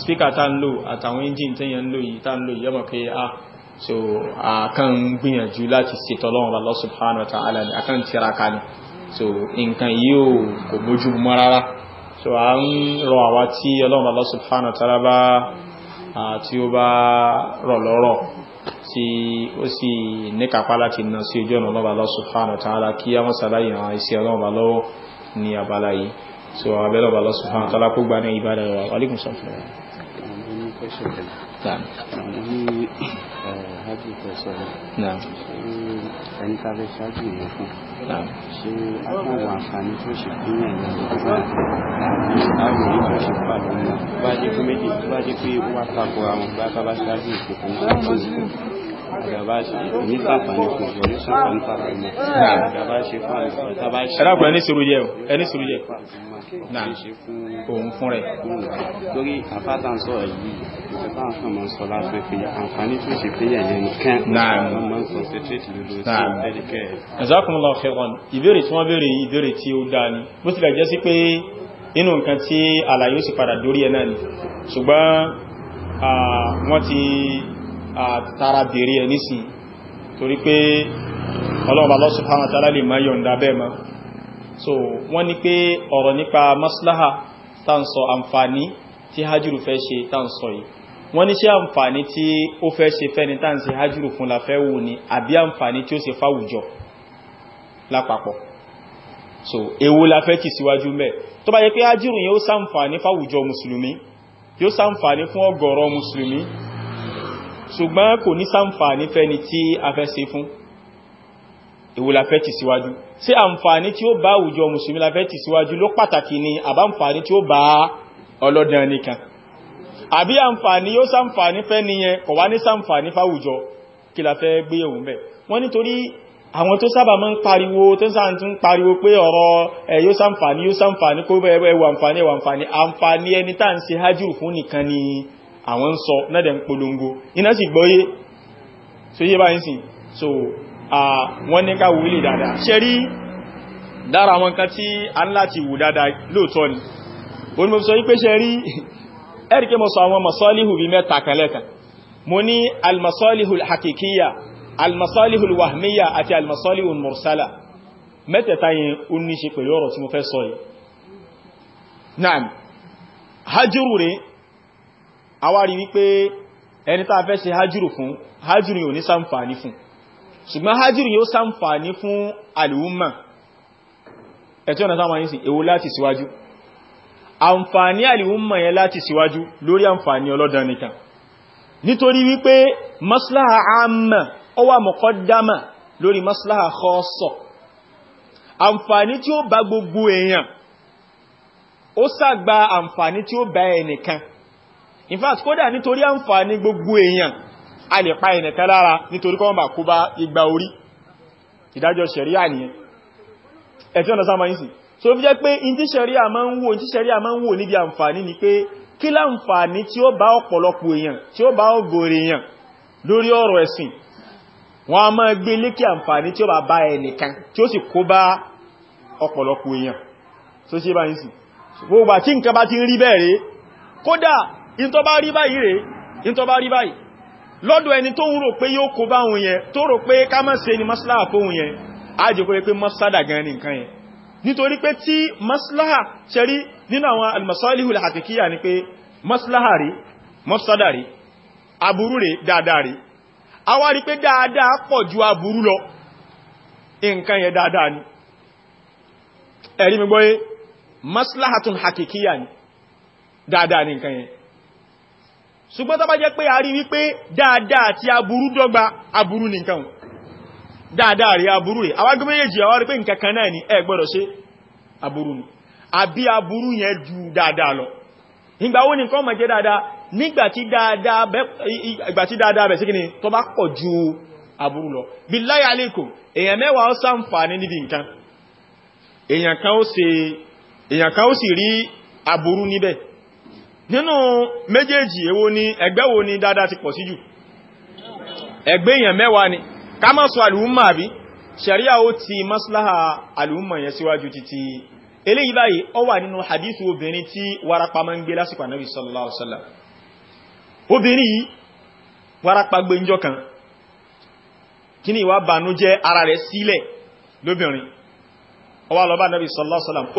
spíkà tá ń lò àtàwọn engine tẹ́yàn ń lò yìí tá ń lò yìí yẹ́mọ̀ pé ah, a so àkàn gbìyànjú láti ṣètọ́lọ́run Allah subhanahu wa ta'ala ni àkàn tiraka ni so nǹkan yìí ò kò bójú mu rárá so a ń rọ àwa tí ọlọ́run Allah subhanahu wa ta'ala bá tí ó bá rọ̀ lọ́rọ̀ tí ó sì níkàpá láti nà sí ojú ọ̀nà ọlọ́run Allah subhanahu wa ta'ala kí a mọ́ sàlàyé àwọn iṣẹ́ ọlọ́run lọ́wọ́ ní abala yìí so abẹ́lọ́run Allah subhanahu wa ta'ala kó gbá ní ìbádà wa alaikum salaam نعم hajj tẹ sọ̀rọ̀ náà ẹni tá ṣáájú yẹn fún ṣe àwọn àǹfààní tó ṣe fún yẹn lẹ́yìn tó náà àwọn èyí tó ṣe pàdé bá a jẹ́ pé méjì bá a jẹ́ pé wọ́n á takò àwọn bá a bá ṣáájú ìkókó náà ẹ̀dàpọ̀ ẹni sùúrù jẹ́ ẹni sùúrù jẹ́ náà òun fún rẹ̀. lórí àfáàtà ń sọ̀rọ̀ yìí ìjọba àwọn ọmọ sọ la fi àǹfààní tó ṣe pé yẹn nìkan ọmọ ń concentrate lórí sí ẹ̀dẹ̀kẹ́. jazakumullahu khairan ìbéèrè tí wọ́n béèrè yìí ìbéèrè tí ó dáa ni bó tilẹ̀ jẹ́ sí pé nínú nǹkan tí àlàyé ó sì padà dórí ẹ̀ náà ni ṣùgbọ́n wọ́n ti àtàrà bèèrè ẹ̀ nísìn torí pé ọlọ́ọ̀bà Allah subhanahu wa ta'ala lè máa yọ̀ǹda bẹ́ẹ̀ mọ́ so wọ́n ní pé ọ̀rọ̀ nípa maslaha tàǹsọ àǹfààní tí hajjúrù fẹ́ ṣe tàǹsọ yìí wọ́n ní ṣé àǹfààní tí ó fẹ́ ṣe fẹ́ni tàǹsí hajjúrù fún la fẹ́ ní àbí àǹfààní tí ó ṣe fáwùjọ lápapọ̀ so èwo la fẹ́ kì síwájú mẹ́ tó bá yẹ pé hajjúrù yẹn ó ṣàǹfààní fáwùjọ mùsùlùmí yóò ṣàǹfààní fún ọ̀gọ̀rọ̀ mùsùlùmí ṣùgbọ́n kò ní sáǹfààní fẹ́ni tí a fẹ́ ṣe fún èwo la fẹ́ tì síwájú ṣé àǹfààní tí ó bá àwùjọ mùsùlùmí la fẹ́ tì síwájú ló pàtàkì ni àbáǹfààní tí ó bá ọlọ́dàn nìkan àbí àǹfààní yóò sáǹfààní fẹ́ nìyẹn kò wá ní sáǹfààní fáwùjọ kí la fẹ́ gbé òun bẹ̀ wọ́n nítorí àwọn tó sábà máa ń pariwo tó sáà tún pariwo pé ọ̀rọ̀ ẹ̀ yóò sáǹfààní yóò sáǹfààní kó ẹwà àǹfààní ẹwà àǹfààní àǹfààní ẹni tá à ń ṣe hajjù àwọn ń sọ nẹ́dẹ̀ ń polongo iná sì gbọ́yé so yé báyìí sí so wọ́n ní ká wúlé dáadáa ṣe rí dára wọn kan tí a ń láti wù dáadáa lóòtọ́ ni o ní mo sọ wípé ṣe rí ẹ́rìkẹ́ mọ́ sọ àwọn masọ́líhù bí mẹ́ta kan mo ní almasọ́líhù hajjuru rẹ̀ àwárí wípé ẹni tá a fẹ́ ṣe hajjúrù fún hajjúrù yóò ní sáǹfàní fún ṣùgbọ́n hajjúrù yóò sáǹfàní fún alìwúmà ẹ̀tí ọ̀nà sáwọn yìí èwo láti síwájú àǹfàní alìwúmà yẹn láti síwájú lórí àǹfàní ọlọ́dàn nìkan nítorí wípé maslaha amma ó wà muqaddama lórí maslaha khassa àǹfàní tí ó bá gbogbo èèyàn ó sàgbà àǹfàní tí ó bá ẹnìkan in fact kódà nítorí àǹfààní gbogbo èèyàn a lè pa ẹnìkan lára nítorí kọ́ bá kó bá igba orí ìdájọ́ ṣẹ̀ríà nìyẹn ẹ̀tí ọ̀nà sáàmà yìí sí so fi jẹ́ pé in tí ṣẹ̀ríà ń wò níbi àǹfààní ni pé kí láǹfààní tí ó bá ọ̀pọ̀lọpọ̀ èèyàn tí ó bá ọgọ́rẹ̀ èèyàn lórí ọ̀rọ̀ ẹ̀sìn wọ́n a máa gbé lékè àǹfààní tí ó bá bá ẹnìkan tí ó sì kó bá ọ̀pọ̀lọpọ̀ èèyàn tó ṣe bá yìí sí gbogbo àti nǹkan bá ti rí bẹ́ẹ̀ rèé kódà in tó bá rí báyìí rẹ̀ in tó bá rí báyìí lọ́dọ̀ ẹni tó ń rò pé yóò kó bá òun yẹn tó rò pé ká má ṣe ni maslaha fóun yẹn ajẹ́kọ́ pé mafsada gan ni nǹkan yẹn nítorí pé tí maslaha ṣẹrí nínú àwọn almasalihul hakikiya ni pé maslaha rí mafsada rí aburú rí dáadáa rí a wá rí pé dáadáa pọ̀ ju aburú lọ nǹkan yẹn dáadáa ni ẹ̀rí mi gbọ́yé maslahatun hakikiya ni dáadáa ni nǹkan yẹn ṣùgbọ́n tó bá jẹ́ pé a rí wípé dáadáa àti aburú dọ́gba aburú ní nǹkan dáadáa rí aburú rí àwọn agbẹ́mẹ́yèjì àwọn rí pé nǹkan kan náà ni ẹ gbọ́dọ̀ ṣe aburú ni àbí aburú yẹn ju dáadáa lọ ìgbà wo ni nǹkan máa jẹ́ dáadáa nígbà tí dáadáa bẹ̀ sí ni tó bá pọ̀ ju aburú lọ billahi nínú méjèèjì èwo ni egbe wo ni dáadáa ti pọ̀ sí jù ẹgbẹ́ èèyàn mẹ́wàá ni ká má sọ àlùmọ̀ àbí ṣàríà ó ti maslaha àlùmọ̀ yẹn síwájú títí eléyìí báyìí ó wà nínú hadithu obìnrin tí warapa máa ń gbé lásìkò ànábì sallallahu alaihi warapa ara re sile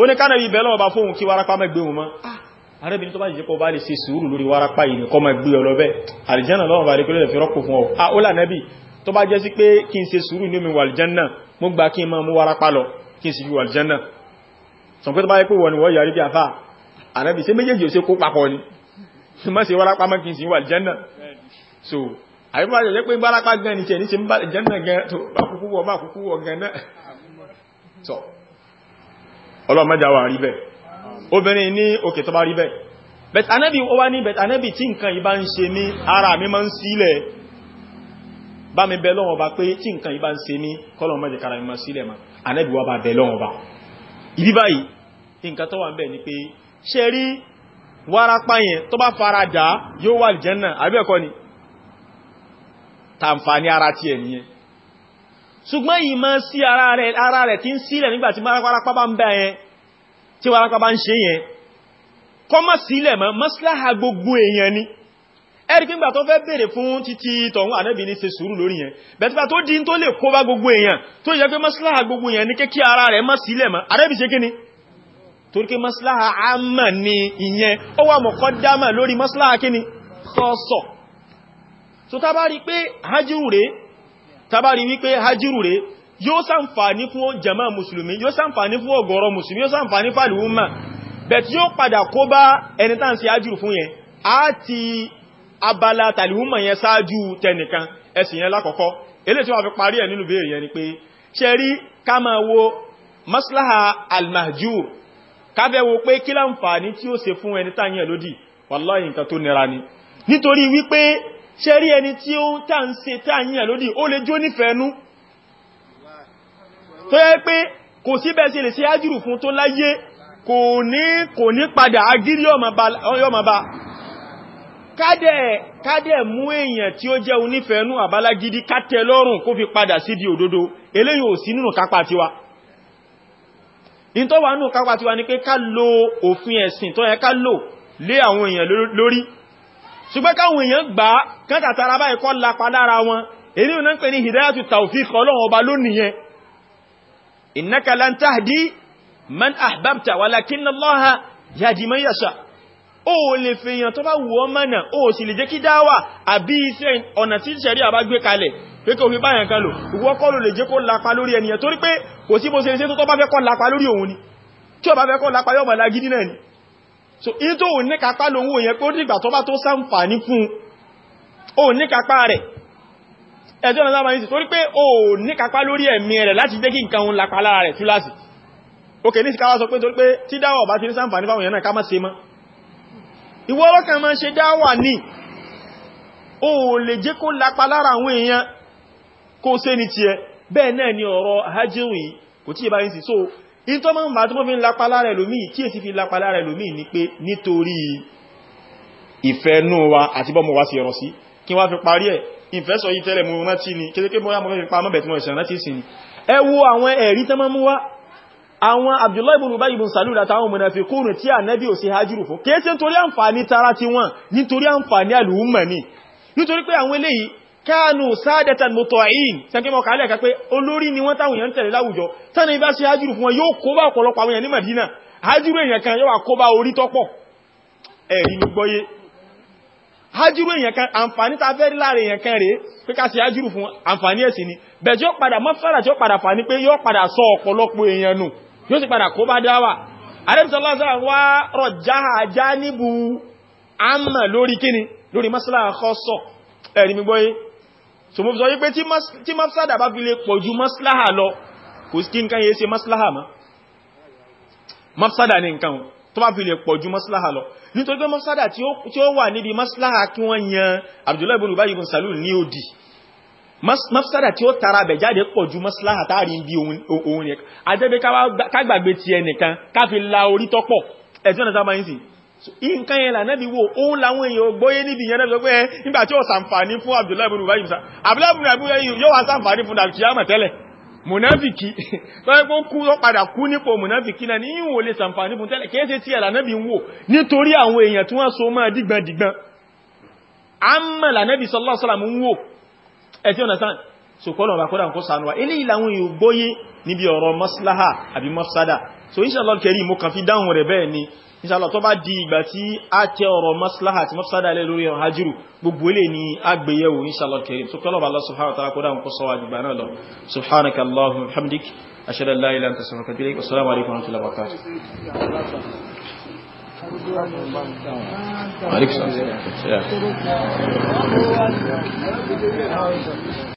ó ní ká ọba fóun kí warapa mẹ́gbẹ̀ wọn arábìnrin tó bá jẹ́ kó bá lè ṣe sùúrù lórí wárápá yìí ní kọmọ ẹgbẹ́ ọlọ́bẹ́ àlìjánà lọ́wọ́ bàrí pẹ́lẹ̀ fi rọ́pò fún ọ ó lànẹ́bì tó bá jẹ́ sí pé kí n ṣe sùúrù ní omi wàlìjánà mo gba kí n máa mú wárápá lọ kí n sì fi wàlìjánà sọ̀pẹ́ tó bá yẹ pé wọ́n ni wọ́n yàrí bí afá àrẹ́bì ṣe méjèèjì ò ṣe kó papọ̀ ni má ṣe wárápá mọ́ kí n sì wàlìjánà so àyíká jẹ́ pé wárápá gan ni tẹ̀ ní ṣe ń bá jẹ́nà gan tó bá kúkú wọ bẹ́ẹ̀ obìnrin ní òkè tó bá rí bẹ́ẹ̀ bẹ̀t anẹ́bì ó wá ní bẹ̀t anẹ́bì tí nǹkan yìí ń ṣe mí ara mi máa ń sílẹ̀ bá mi bẹ lọ́wọ́ bá pé tí nǹkan yìí bá ń ṣe mí kọ́lọ̀ mọ́jẹ̀ kára mi máa sílẹ̀ ma anẹ́bì wá bá bẹ lọ́wọ́ bá ìdí báyìí nǹkan tó wà ń bẹ̀ ni pé ṣe rí wárápá yẹn tó bá fara dà yóò wà jẹ́nà àbí ẹ̀kọ́ ni tàǹfààní ara ti ẹ̀ nìyẹn ṣùgbọ́n yìí máa sí ara rẹ̀ tí ń sílẹ̀ nígbà tí wárápá bá ń bẹ̀ yẹn tí wárápá bá ń ṣe yẹn kọ́ mọ́ sílẹ̀ mọ́ mọ́síláhà gbogbo èèyàn ni ẹ̀rí pínpà tó fẹ́ bèèrè fún títí tọ̀hún ànábì ní ṣe sùúrù lórí yẹn bẹ̀típa tó dín tó lè kó bá gbogbo èèyàn tó yẹ pé mọ́síláhà gbogbo èèyàn ní ara rẹ̀ mọ́ sílẹ̀ mọ́ ànábì ṣe kíni torí pé mọ́síláhà àmà ni ìyẹn ó wà lórí mọ́síláhà kíni sọ́sọ̀ yóò ṣàǹfààní fún jama musulmi yóò ṣàǹfààní fún ọ̀gọ̀rọ̀ musulmi yóò ṣàǹfààní fàlùwú ma bẹ̀tí yóò padà kó bá ẹni tàn sí ájúrù fún yẹn a ti abala tàlùwú ma yẹn sáájú tẹnìkan ẹ̀sìn yẹn lákọ̀ọ́kọ́ eléyìí tí wọ́n fi parí maslaha almahjur kábẹ́ wo pé kí láǹfààní tí ni nítorí wípé ṣe rí ẹni tí ó tàn ṣe tàn yẹn lódì ó le jó nífẹ̀ẹ́nú tó yẹ pé kò sí bẹ́ẹ̀ sí lè sí ájírù fún tó láyé kò ní kò ní padà agírí ọmọ bá kádẹ̀ kádẹ̀ mú èèyàn tí ó jẹ́ onífẹ̀ẹ́nú àbálágídí kátẹ lọ́rùn kó fi padà sí di òdodo eléyìn ò sí nínú kápá tiwa in nínú kápá tiwa ni pé ká lo òfin ẹ̀sìn tó yẹ ká lò lé àwọn èèyàn lórí ṣùgbọ́n káwọn èèyàn gbà kán tàtàrà báyìí kọ́ lápa lára wọn èyí ò náà pè ní hidayatu tawfiq ọlọ́run ọba lónìí yẹn innaka lan tahdi man ahbabta walakin Allah yahdi man yasha ó lè fèyàn tó bá wù ọ́ mọ̀nà ó sì lè jẹ́ kí dáwà àbí iṣẹ́ ọ̀nà tí ṣẹ̀rí àbá gbé kalẹ̀ pé kò fi báyàn kan lò ìwọ kọ́ ló lè jẹ́ kó lapa lórí ẹniyàn torí pé kò sí bó ṣe ṣe tó bá fẹ́ kó lapa lórí òun ni tí ó bá fẹ́ kó lapa yọ́ mọ̀lá gidi náà ni so in tó ò ní kápá lòun òyìn pé ó dìgbà tó bá tó sáǹfà ní fún ó ní kápá rẹ̀ ẹjọ́ náà sábà ní sí torí pé o ní kápá lórí ẹ̀mí rẹ̀ láti jẹ́ kí nǹkan òun lápá lára rẹ̀ túláàsì ok ní síkáwà sọ pé torí pé tí dáwà bá ti ní sáǹfàní fáwọn èèyàn náà ká má ṣe mọ́ ìwọ ọlọ́kàn máa ṣe dáwà ní o lè jẹ́ kó lápá lára so in tó máa ń bá tó fi ń lápá lára ẹlòmíì tí wa àti bọ́mọ wa sí kí wá fi parí ẹ̀ ìfẹ́sọ̀ yìí tẹ́lẹ̀ mo rántí ni kéréké bóyá mo fi pamọ́ bẹ̀tí mo ìṣẹ̀ rántí sí ni ẹ wo àwọn ẹ̀rí tán máa mú wá àwọn Abdullahi ibn Ubay ibn Salul àtàwọn munafiqun tí ànábì ò sí hajjúrù fún kéèsé nítorí àǹfààní tara ti wọn nítorí àǹfààní àlùmọ̀ ni nítorí pé àwọn eléyìí kánù sádẹ̀tàn mọ̀tọ̀ín sẹ́kẹ́mọ̀ kàálẹ̀ kà pé olórí ni wọ́n táwọn èèyàn tẹ̀lé láwùjọ tánà ibá sí hajjúrù fún wọn yóò kó bá ní Madina hajjúrù èèyàn kan yóò wà kó bá orí tọ́pọ̀ ẹ̀rí gbọ́yé hajjúrú èèyàn kan àǹfàní ta fẹ́ rí láàrin èèyàn kan rèé pé ká sí hajjúrú fún àǹfàní ẹ̀sìn ni bẹ̀jọ́ padà mọ́sára tí ó padà fà ní pé yóò padà sọ ọ̀pọ̀lọpọ̀ èèyàn nù yóò sì padà kó bá dáwà arẹ́bìsọ́lọ́sọ́lá wá rọ̀já àjá níbu àmà lórí kíni lórí mọ́sára kọ́sọ̀ ẹ̀rí mi gbọ́yé so mo sọ wípé tí mọ́sára bá fi lè pọ̀ ju mọ́sára lọ kò sí kí nǹkan yẹ ṣe mọ́sára mọ́ tó bá fi lè pọ̀ ju maslaha lọ nítorí pé maslaha tí ó wà níbi maslaha kí wọ́n yan Abdullahi ibn Ubay ibn Salul ní òdì maslaha tí ó tara bẹ̀ jáde pọ̀ ju maslaha táàrí bí òun yẹn àjẹ́bẹ́ kágbàgbé ti ẹnìkan káfi la orí tọ́pọ̀ ẹ̀tí ọ̀nà sábà yìí sì nǹkan yẹn lànàbí wo òun làwọn èèyàn gbóyé níbi yẹn lẹ́sọ pé nígbà tí ó sàǹfààní fún Abdullahi ibn Ubay ibn Salul Abdullahi ibn Ubay yóò wá sàǹfààní fún mùnáfìkì tó ẹgbó kú ó padà kú nípò mùnáfìkì náà ní ìwò lè sàǹfàní fún tẹ́lẹ̀ kéèsè tí àlànàbì ń wò nítorí àwọn èèyàn tí wọ́n so máa dìgbàndìgbàn àmà lànàbì sallallahu alaihi wasallam ń wò ẹ̀tí ọ̀nà sáà sòkọ́lọ̀ ọ̀bà kọ́dà ń kó sànúwà ilé ìlàwọn maslaha àbí so inshallah kẹrí mo kàn fi dáhùn inshallah tó bá di ìgbà tí a tẹ ọ̀rọ̀ maslaha àti mafsada lé lórí ọ̀rọ̀ hajjuru gbogbo ilé ni agbèyẹ̀wò inshallah karim so kọlọ̀bà Allah subhanahu wa ta'ala kó dáhùn kó sọ wà dìgbà náà lọ subhanaka allahumma hamdik ashhadu an la ilaha